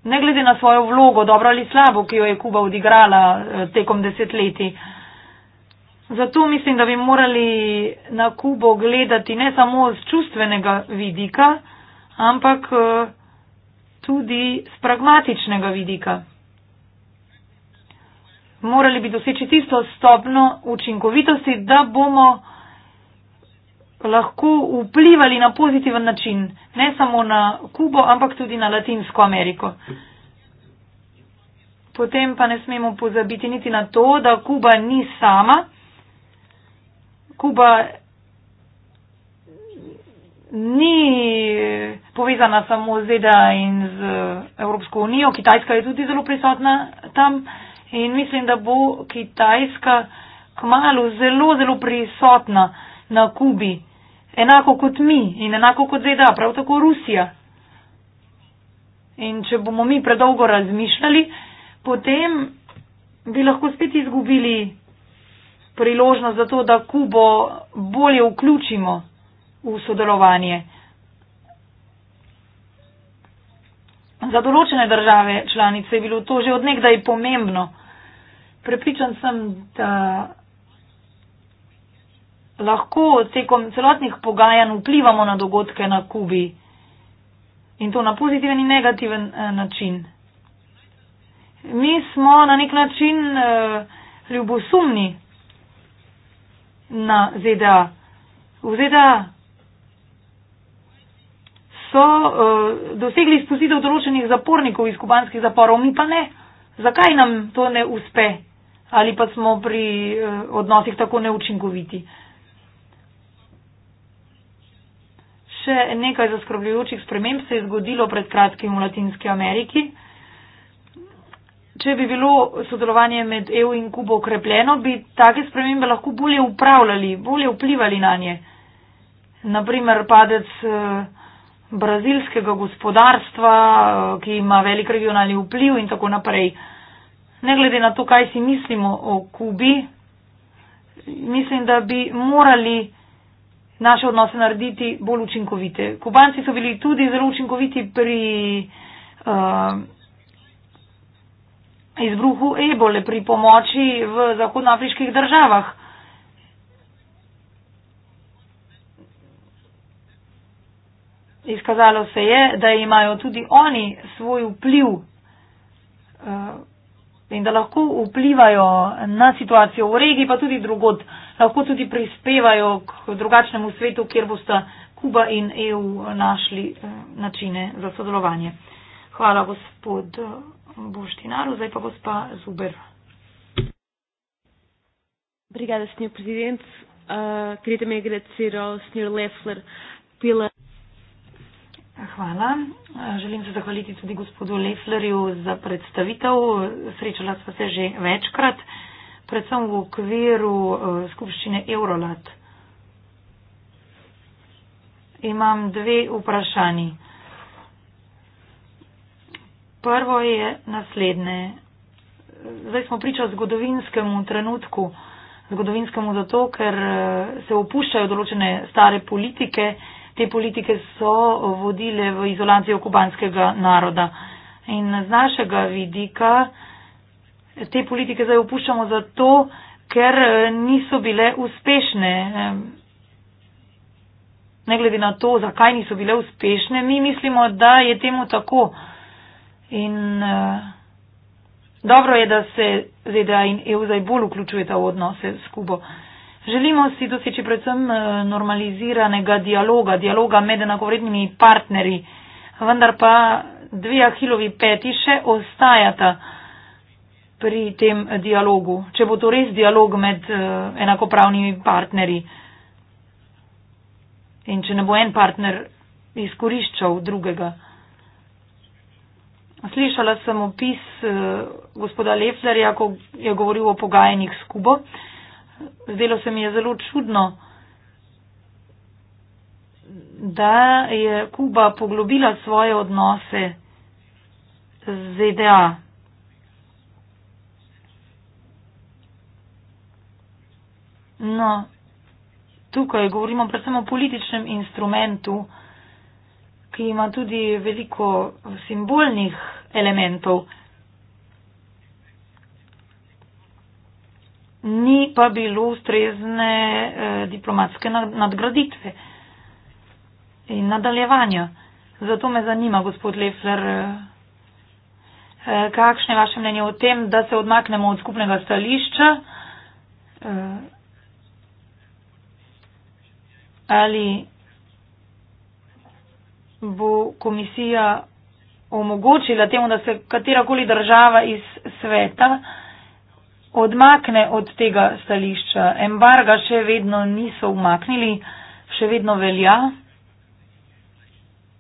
ne glede na svojo vlogo, dobro ali slabo, ki jo je Kuba odigrala tekom desetletij, Zato mislim, da bi morali na Kubo gledati ne samo z čustvenega vidika, ampak eh, tudi z pragmatičnega vidika. Morali bi doseči tisto stopno učinkovitosti, da bomo lahko vplivali na pozitiven način, ne samo na Kubo, ampak tudi na Latinsko Ameriko. Potem pa ne smemo pozabiti niti na to, da Kuba ni sama, Kuba ni povezana samo z ZDA in z eh, Evropsko unijo, Kitajska je tudi zelo prisotna tam in mislim, da bo Kitajska kmalo zelo, zelo prisotna na Kubi, enako kot mi in enako kot ZDA, prav tako Rusija. In če bomo mi predolgo razmišljali, potem bi lahko spet izgubili priložnost za to, da Kubo bolje vključimo v sodelovanje. Za določene države članice je bilo to že odnegdaj pomembno. Prepričan sem, da lahko tekom celotnih pogajanj vplivamo na dogodke na Kubi in to na pozitiven in negativen eh, način. Mi smo na nek način eh, ljubosumni na ZDA. V ZDA so uh, dosegli izpustitev določenih zapornikov iz kubanskih zaporov, mi pa ne. Zakaj nam to ne uspe? Ali pa smo pri uh, odnosih tako neučinkoviti? Še nekaj zaskrbljujočih sprememb se je zgodilo pred kratkim v Latinski Ameriki. Uh, če bi bilo sodelovanje med EU in Kubo ukrepljeno, bi take spremembe lahko bolje upravljali, bolje vplivali na nje. Naprimer, padec eh, brazilskega gospodarstva, eh, ki ima velik regionalni vpliv in tako naprej. Ne glede na to, kaj si mislimo o Kubi, mislim, da bi morali naše odnose narediti bolj učinkovite. Kubanci so bili tudi zelo učinkoviti pri. Uh, izbruhu ebole pri pomoči v zahodnoafriških državah. Izkazalo se je, da imajo tudi oni svoj vpliv eh, in da lahko vplivajo na situacijo v regiji, pa tudi drugod. Lahko tudi prispevajo k drugačnemu svetu, kjer bosta Kuba in EU našli eh, načine za sodelovanje. Hvala, gospod boš ti naru, zdaj pa bo spa zuber. Obrigada, senjor prezident. Uh, ah, Krite me gracero, senjor Leffler. Pila. Hvala. Ah, želim se zahvaliti tudi gospodu Leflerju za predstavitev. Srečala sva se že večkrat, predvsem v okviru ah, skupščine Eurolat. Imam dve vprašanji. Prvo je naslednje. Zdaj smo priča zgodovinskemu trenutku. Zgodovinskemu zato, ker eh, se opuščajo določene stare politike. Te politike so vodile v izolacijo kubanskega naroda. In z našega vidika te politike zdaj opuščamo zato, ker eh, niso bile uspešne. Ne glede na to, zakaj niso bile uspešne, mi mislimo, da je temu tako. In uh, dobro je, da se ZDA in EU zdaj bolj vključujeta v odnose s Kubo. Želimo si doseči predvsem eh, normaliziranega dialoga, dialoga med enakovrednimi partnerji, vendar pa dve ahilovi peti še ostajata pri tem dialogu, če bo to res dialog med eh, enakopravnimi partnerji in če ne bo en partner izkoriščal drugega. Slišala sem opis eh, gospoda Leflerja, ko je govoril o pogajanjih s Kubo. Zdelo se mi je zelo čudno, da je Kuba poglobila svoje odnose z ZDA. No, tukaj govorimo predvsem o političnem instrumentu, ki ima tudi veliko simbolnih elementov. Ni pa bilo ustrezne eh, diplomatske nadgraditve in nadaljevanja. Zato me zanima, gospod Lefler, eh, eh kakšne je vaše mnenje o tem, da se odmaknemo od skupnega stališča eh, ali bo komisija omogočila temu, da se katerakoli država iz sveta odmakne od tega stališča. Embarga še vedno niso umaknili, še vedno velja.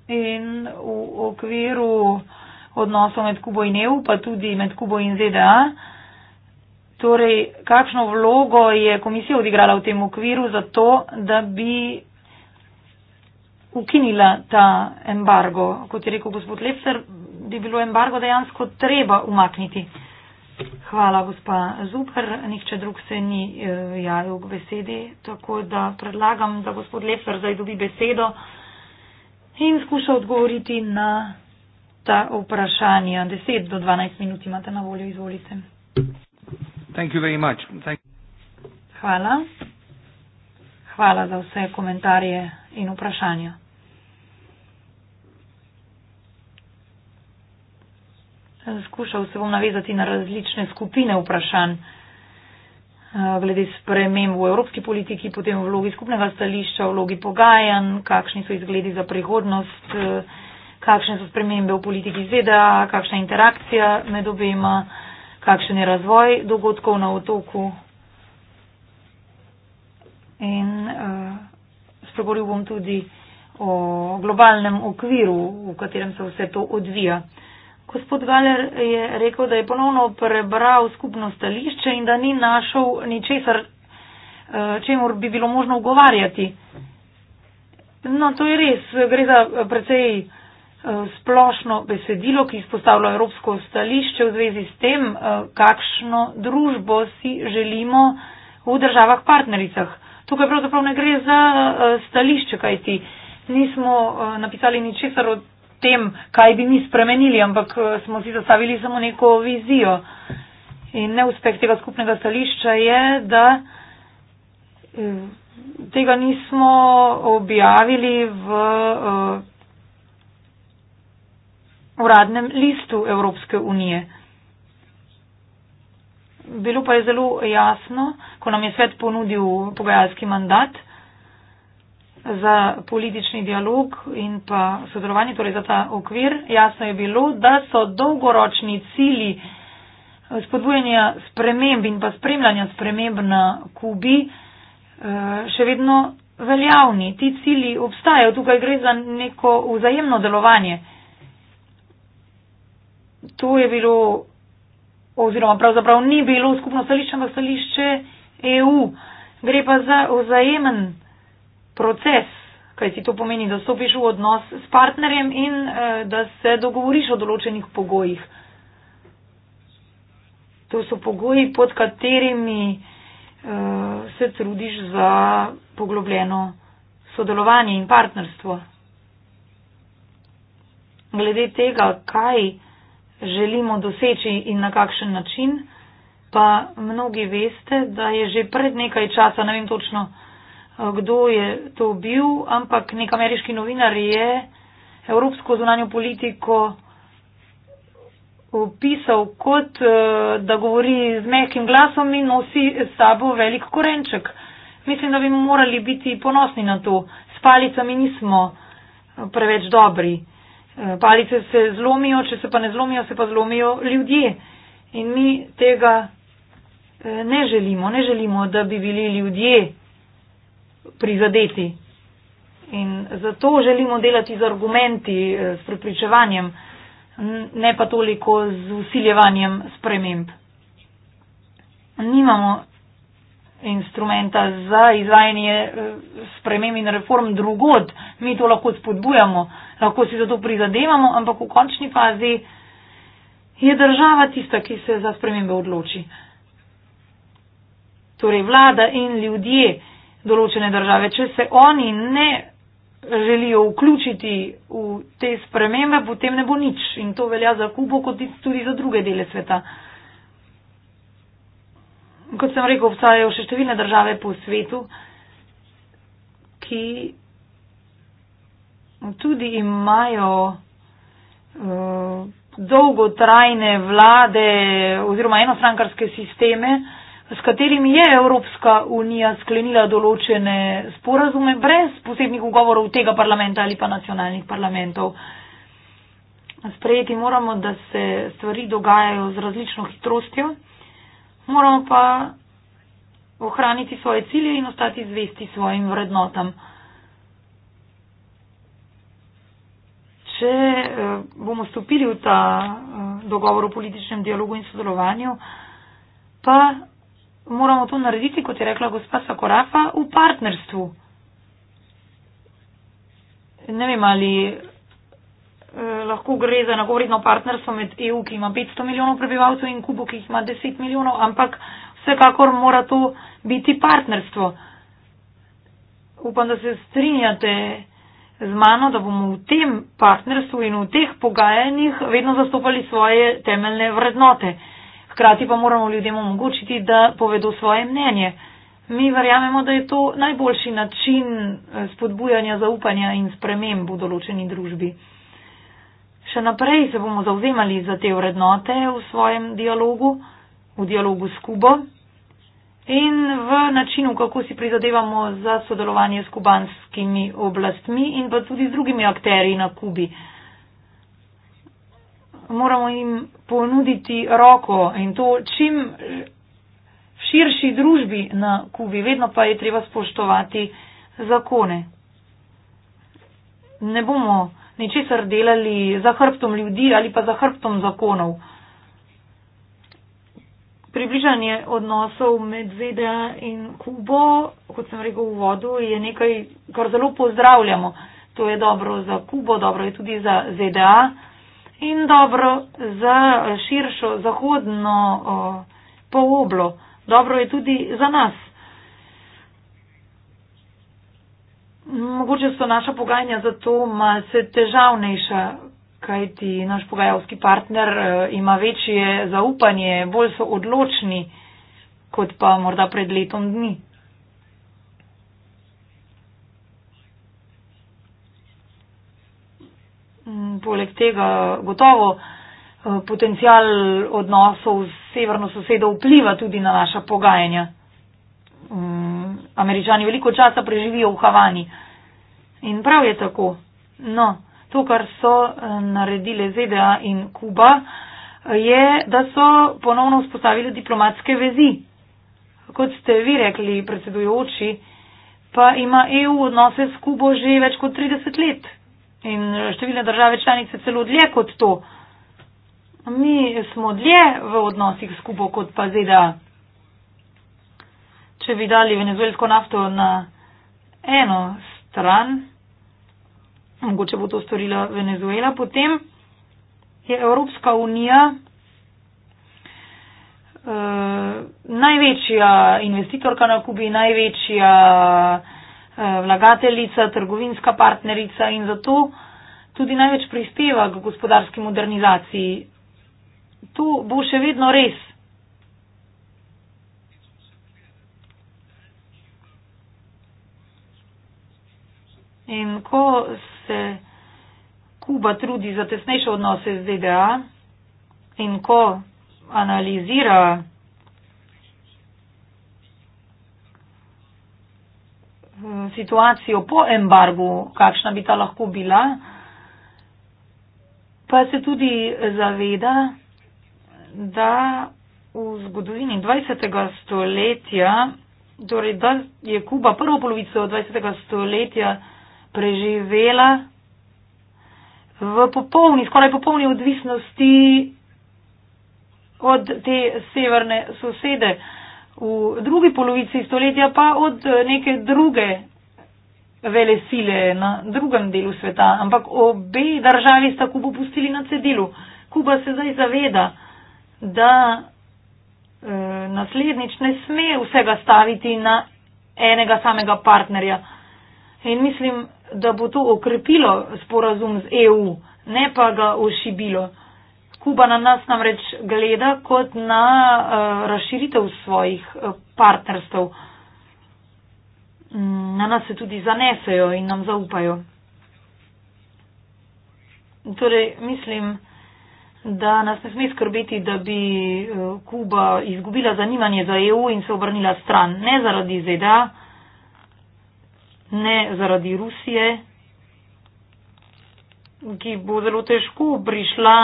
In v okviru odnosov med Kubo in EU, pa tudi med Kubo in ZDA, torej kakšno vlogo je komisija odigrala v tem okviru za to, da bi ukinila ta embargo. Kot je rekel gospod Lepser, bi bilo embargo dejansko treba umakniti. Hvala, gospa Zuper. Nihče drug se ni eh, javil k besedi, tako da predlagam, da gospod Lepser zdaj dobi besedo in skuša odgovoriti na ta vprašanja. 10 do 12 minut imate na voljo, izvolite. Thank you very much. Thank you. Hvala. Hvala za vse komentarje in vprašanja. Skušal se bom navezati na različne skupine vprašanj eh, glede sprememb v evropski politiki, potem v vlogi skupnega stališča, v vlogi pogajanj, kakšni so izgledi za prihodnost, eh, kakšne so spremembe v politiki ZDA, kakšna interakcija med obema, kakšen je razvoj dogodkov na otoku. In uh, spregovoril bom tudi o globalnem okviru, v katerem se vse to odvija. Gospod Galer je rekel, da je ponovno prebral skupno stališče in da ni našel ničesar, eh, čemur bi bilo možno ugovarjati. No, to je res. Gre za eh, precej eh, splošno besedilo, ki izpostavlja Evropsko stališče v zvezi s tem, kakšno družbo si želimo v državah partnericah. Tukaj pravzaprav ne gre za stališče, kajti nismo napisali ničesar od tem, kaj bi mi spremenili, ampak eh, smo si zastavili samo neko vizijo. In neuspeh tega skupnega stališča je, da eh, tega nismo objavili v uh, uradnem listu Evropske unije. Bilo pa je zelo jasno, ko nam je svet ponudil pogajalski mandat, za politični dialog in pa sodelovanje, torej za ta okvir. Jasno je bilo, da so dolgoročni cilji eh, spodbujanja sprememb in pa spremljanja sprememb na Kubi eh, še vedno veljavni. Ti cilji obstajajo, tukaj gre za neko vzajemno delovanje. To je bilo, oziroma pravzaprav ni bilo skupno stališče, ampak stališče EU. Gre pa za vzajemen proces, kaj ti to pomeni, da stopiš v odnos s partnerjem in eh, da se dogovoriš o določenih pogojih. To so pogoji, pod katerimi eh, se trudiš za poglobljeno sodelovanje in partnerstvo. Glede tega, kaj želimo doseči in na kakšen način, pa mnogi veste, da je že pred nekaj časa, ne vem točno, kdo je to bil, ampak nek ameriški novinar je evropsko zunanjo politiko opisal kot, eh, da govori z mehkim glasom in nosi s sabo velik korenček. Mislim, da bi morali biti ponosni na to. S palicami nismo eh, preveč dobri. Eh, palice se zlomijo, če se pa ne zlomijo, se pa zlomijo ljudje. In mi tega ne želimo. Ne želimo, da bi bili ljudje prizadeti. In zato želimo delati z argumenti, eh, s prepričevanjem, ne pa toliko z usiljevanjem sprememb. Nimamo instrumenta za izvajanje eh, sprememb in reform drugod. Mi to lahko spodbujamo, lahko si za to prizadevamo, ampak v končni fazi je država tista, ki se za spremembe odloči. Torej vlada in ljudje določene države. Če se oni ne želijo vključiti v te spremembe, potem ne bo nič in to velja za Kubo, kot tudi za druge dele sveta. Kot sem rekel, obstajajo še številne države po svetu, ki tudi imajo uh, dolgotrajne vlade oziroma enostrankarske sisteme, s katerimi je Evropska unija sklenila določene sporazume brez posebnih ugovorov tega parlamenta ali pa nacionalnih parlamentov. Sprejeti moramo, da se stvari dogajajo z različno hitrostjo, moramo pa ohraniti svoje cilje in ostati zvesti svojim vrednotam. Če eh, bomo stopili v ta eh, dogovor o političnem dialogu in sodelovanju, pa moramo to narediti, kot je rekla gospa Sakorafa, v partnerstvu. Ne vem, ali eh, lahko gre za nagovorno partnerstvo med EU, ki ima 500 milijonov prebivalcev, in Kubo, ki ima 10 milijonov, ampak vsekakor mora to biti partnerstvo. Upam, da se strinjate z mano, da bomo v tem partnerstvu in v teh pogajanjih vedno zastopali svoje temeljne vrednote. Hkrati pa moramo ljudem omogočiti, da povedo svoje mnenje. Mi verjamemo, da je to najboljši način eh, spodbujanja zaupanja in sprememb v določeni družbi. Še naprej se bomo zauzemali za te vrednote v svojem dialogu, v dialogu s Kubo in v načinu, kako si prizadevamo za sodelovanje s kubanskimi oblastmi in pa tudi z drugimi akteri na Kubi moramo jim ponuditi roko in to čim širši družbi na Kubi. Vedno pa je treba spoštovati zakone. Ne bomo ničesar delali za hrbtom ljudi ali pa za hrbtom zakonov. Približanje odnosov med ZDA in Kubo, kot sem rekel v vodu, je nekaj, kar zelo pozdravljamo. To je dobro za Kubo, dobro je tudi za ZDA in dobro za širšo zahodno pooblo. Dobro je tudi za nas. Mogoče so naša pogajanja zato malce težavnejša, kajti naš pogajalski partner e, ima večje zaupanje, bolj so odločni kot pa morda pred letom dni. Poleg tega gotovo eh, potencial odnosov s severno sosedo vpliva tudi na naša pogajanja. Mm, Američani veliko časa preživijo v Havani in prav je tako. No, to, kar so eh, naredile ZDA in Kuba, je, da so ponovno vzpostavili diplomatske vezi. Kot ste vi rekli, predsedujoči, pa ima EU odnose s Kubo že več kot 30 let in eh, številne države članice celo dlje kot to. Mi smo dlje v odnosih skupaj kot pa ZDA. Če bi dali venezuelsko nafto na eno stran, mogoče bo to storila Venezuela, potem je Evropska unija eh, največja investitorka na Kubi, največja. Eh, vlagateljica, trgovinska partnerica in zato tudi največ prispeva k gospodarski modernizaciji. Tu bo še vedno res. In ko se Kuba trudi za tesnejše odnose z ZDA in ko analizira Mm, situacijo po embargu, kakšna bi ta lahko bila, pa se tudi zaveda, da v zgodovini 20. stoletja, torej da je Kuba prvo polovico 20. stoletja preživela v popolni, skoraj popolni odvisnosti od te severne sosede v drugi polovici stoletja pa od eh, neke druge vele sile na drugem delu sveta, ampak obe državi sta Kubo pustili na cedilu. Kuba se zdaj zaveda, da e, naslednjič ne sme vsega staviti na enega samega partnerja. In mislim, da bo to okrepilo sporazum z EU, ne pa ga ošibilo. Kuba na nas namreč gleda kot na uh, razširitev svojih uh, eh, partnerstv. Mm, na nas se tudi zanesejo in nam zaupajo. Torej, mislim, da nas ne sme skrbeti, da bi eh, Kuba izgubila zanimanje za EU in se obrnila stran. Ne zaradi ZDA, ne zaradi Rusije, ki bo zelo težko prišla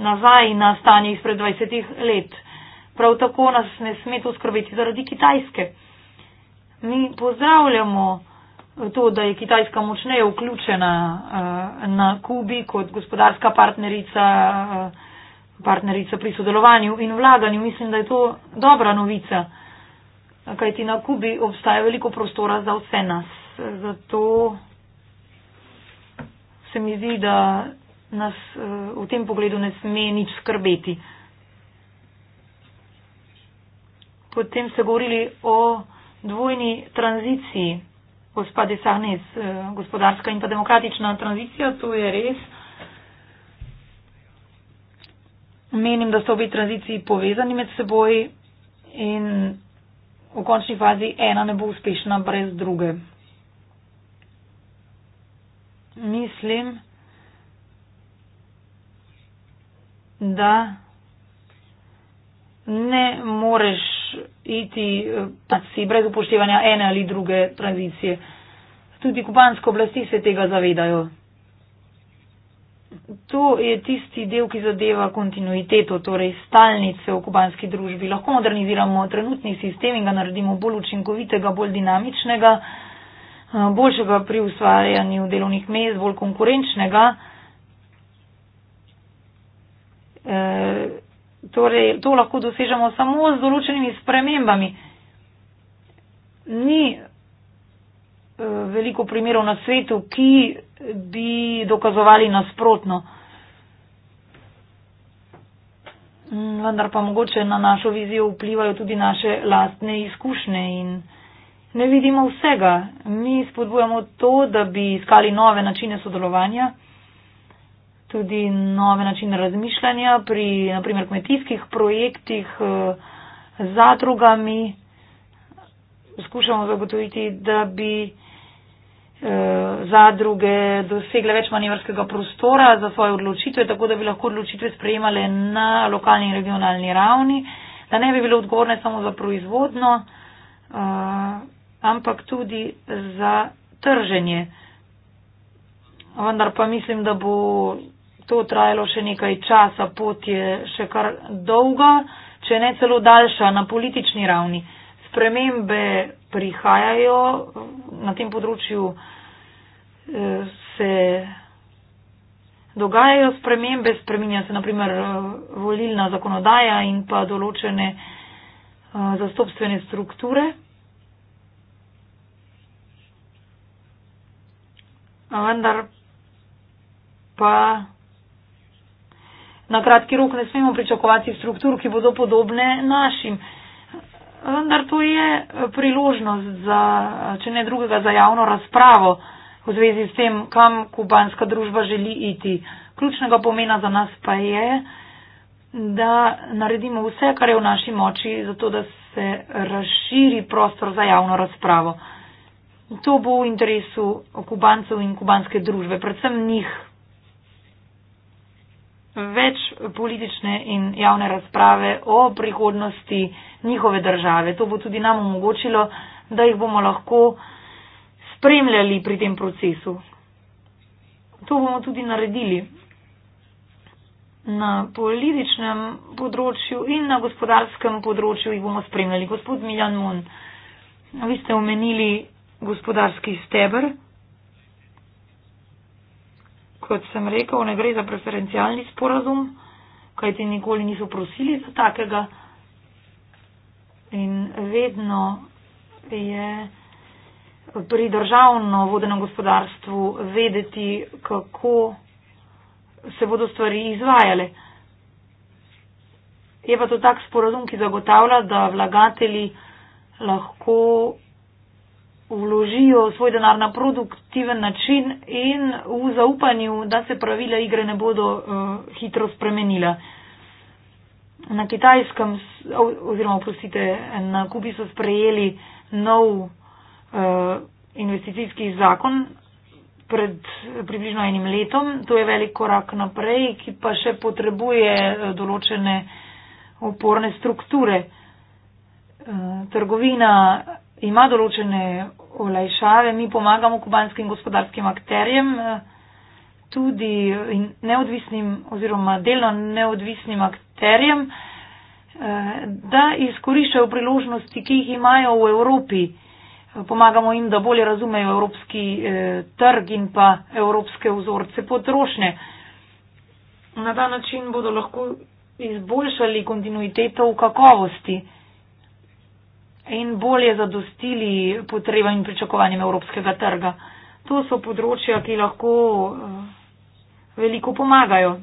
nazaj na stanje izpred 20 let. Prav tako nas ne sme to skrbeti zaradi Kitajske. Mi pozdravljamo e, to, da je Kitajska močneje vključena e, na Kubi kot gospodarska partnerica, e, partnerica pri sodelovanju in vlaganju. Mislim, da je to dobra novica, kajti na Kubi obstaja veliko prostora za vse nas. Zato se mi zdi, da nas eh, v tem pogledu ne sme nič skrbeti. Potem ste govorili o dvojni tranziciji, gospod Sahnes, eh, gospodarska in pa demokratična tranzicija, to je res. Menim, da so obi tranziciji povezani med seboj in v končni fazi ena ne bo uspešna brez druge mislim, da ne moreš iti taci eh, pač brez upoštevanja ene ali druge tradicije. Tudi kubanske oblasti se tega zavedajo. To je tisti del, ki zadeva kontinuiteto, torej stalnice v kubanski družbi. Lahko moderniziramo trenutni sistem in ga naredimo bolj učinkovitega, bolj dinamičnega boljšega pri ustvarjanju delovnih mest, bolj konkurenčnega. E, torej, to lahko dosežemo samo z določenimi spremembami. Ni e, veliko primerov na svetu, ki bi dokazovali nasprotno. Mm, vendar pa mogoče na našo vizijo vplivajo tudi naše lastne izkušnje in izkušnje ne vidimo vsega. Mi spodbujamo to, da bi iskali nove načine sodelovanja, tudi nove načine razmišljanja pri naprimer kmetijskih projektih eh, z zadrugami. Skušamo zagotoviti, da bi eh, zadruge dosegle več manevrskega prostora za svoje odločitve, tako da bi lahko odločitve sprejemale na lokalni in regionalni ravni, da ne bi bile odgovorne samo za proizvodno. Uh, eh, ampak tudi za trženje. Vendar pa mislim, da bo to trajalo še nekaj časa, pot je še kar dolga, če ne celo daljša na politični ravni. Spremembe prihajajo na tem področju, eh, se dogajajo spremembe, spreminja se naprimer eh, volilna zakonodaja in pa določene eh, zastopstvene strukture. No, vendar pa na kratki rok ne smemo pričakovati struktur, ki bodo podobne našim. Vendar to je priložnost, za, če ne drugega, za javno razpravo v zvezi s tem, kam kubanska družba želi iti. Ključnega pomena za nas pa je, da naredimo vse, kar je v naši moči, zato da se razširi prostor za javno razpravo. To bo v interesu kubancev in kubanske družbe, predvsem njih. Več politične in javne razprave o prihodnosti njihove države. To bo tudi nam omogočilo, da jih bomo lahko spremljali pri tem procesu. To bomo tudi naredili na političnem področju in na gospodarskem področju jih bomo spremljali. Gospod Miljan Mon, vi ste omenili gospodarski stebr. Kot sem rekel, ne gre za preferencialni sporazum, kajti nikoli niso prosili za takega. In vedno je pri državno vodenem gospodarstvu vedeti, kako se bodo stvari izvajale. Je pa to tak sporazum, ki zagotavlja, da vlagateli lahko vložijo svoj denar na produktiven način in v zaupanju, da se pravila igre ne bodo uh, hitro spremenila. Na kitajskem, oziroma oprostite, na Kubi so sprejeli nov uh, investicijski zakon pred približno enim letom. To je velik korak naprej, ki pa še potrebuje eh, določene oporne strukture. Uh, trgovina ima določene olajšave. Mi pomagamo kubanskim gospodarskim akterjem, eh, tudi neodvisnim oziroma delno neodvisnim akterjem, eh, da izkoriščajo priložnosti, ki jih imajo v Evropi. Pomagamo jim, da bolje razumejo evropski eh, trg in pa evropske vzorce potrošnje. Na ta način bodo lahko izboljšali kontinuiteto v kakovosti in bolje zadostili potrebam in pričakovanjem evropskega trga. To so področja, ki lahko eh, veliko pomagajo.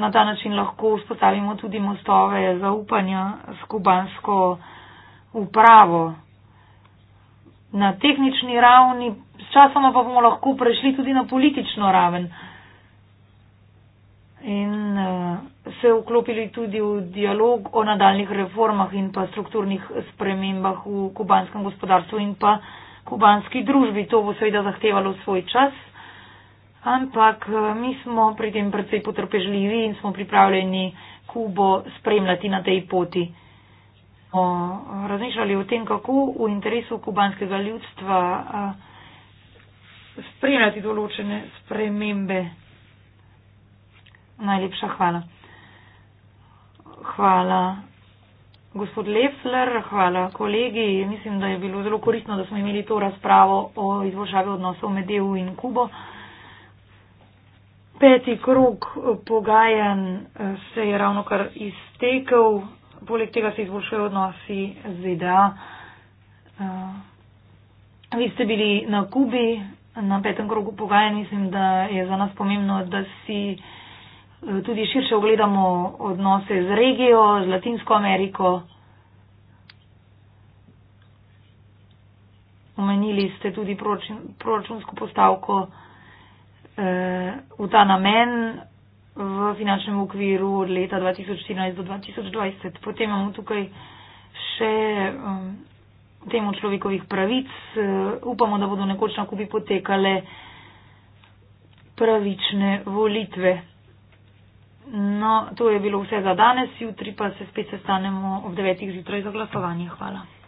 Na ta način lahko vzpostavimo tudi mostove zaupanja s kubansko upravo. Na tehnični ravni, s časoma pa bomo lahko prešli tudi na politično raven in eh, se vklopili tudi v dialog o nadaljnih reformah in pa strukturnih spremembah v kubanskem gospodarstvu in pa kubanski družbi. To bo seveda zahtevalo svoj čas, ampak eh, mi smo pri tem predvsej potrpežljivi in smo pripravljeni Kubo spremljati na tej poti. O, razmišljali o tem, kako v interesu kubanskega ljudstva a, eh, spremljati določene spremembe. Najlepša hvala. Hvala. Gospod Lefler, hvala kolegi. Mislim, da je bilo zelo koristno, da smo imeli to razpravo o izboljšavi odnosov med EU in Kubo. Peti krok pogajanj eh, se je ravno kar iztekel, poleg tega se izboljšujejo odnosi z ZDA. Eh, vi ste bili na Kubi na petem krogu pogajanj, mislim, da je za nas pomembno, da si. Eh, tudi širše ogledamo odnose z regijo, z Latinsko Ameriko. Omenili ste tudi proračunsko postavko eh, v ta namen v finančnem okviru od leta 2014 do 2020. Potem imamo tukaj še um, temo človekovih pravic. Eh, upamo, da bodo nekoč na kupi potekale pravične volitve. No, to je bilo vsega danes, jutri pa se spet sestanemo ob 9.00 zjutraj za glasovanje. Hvala.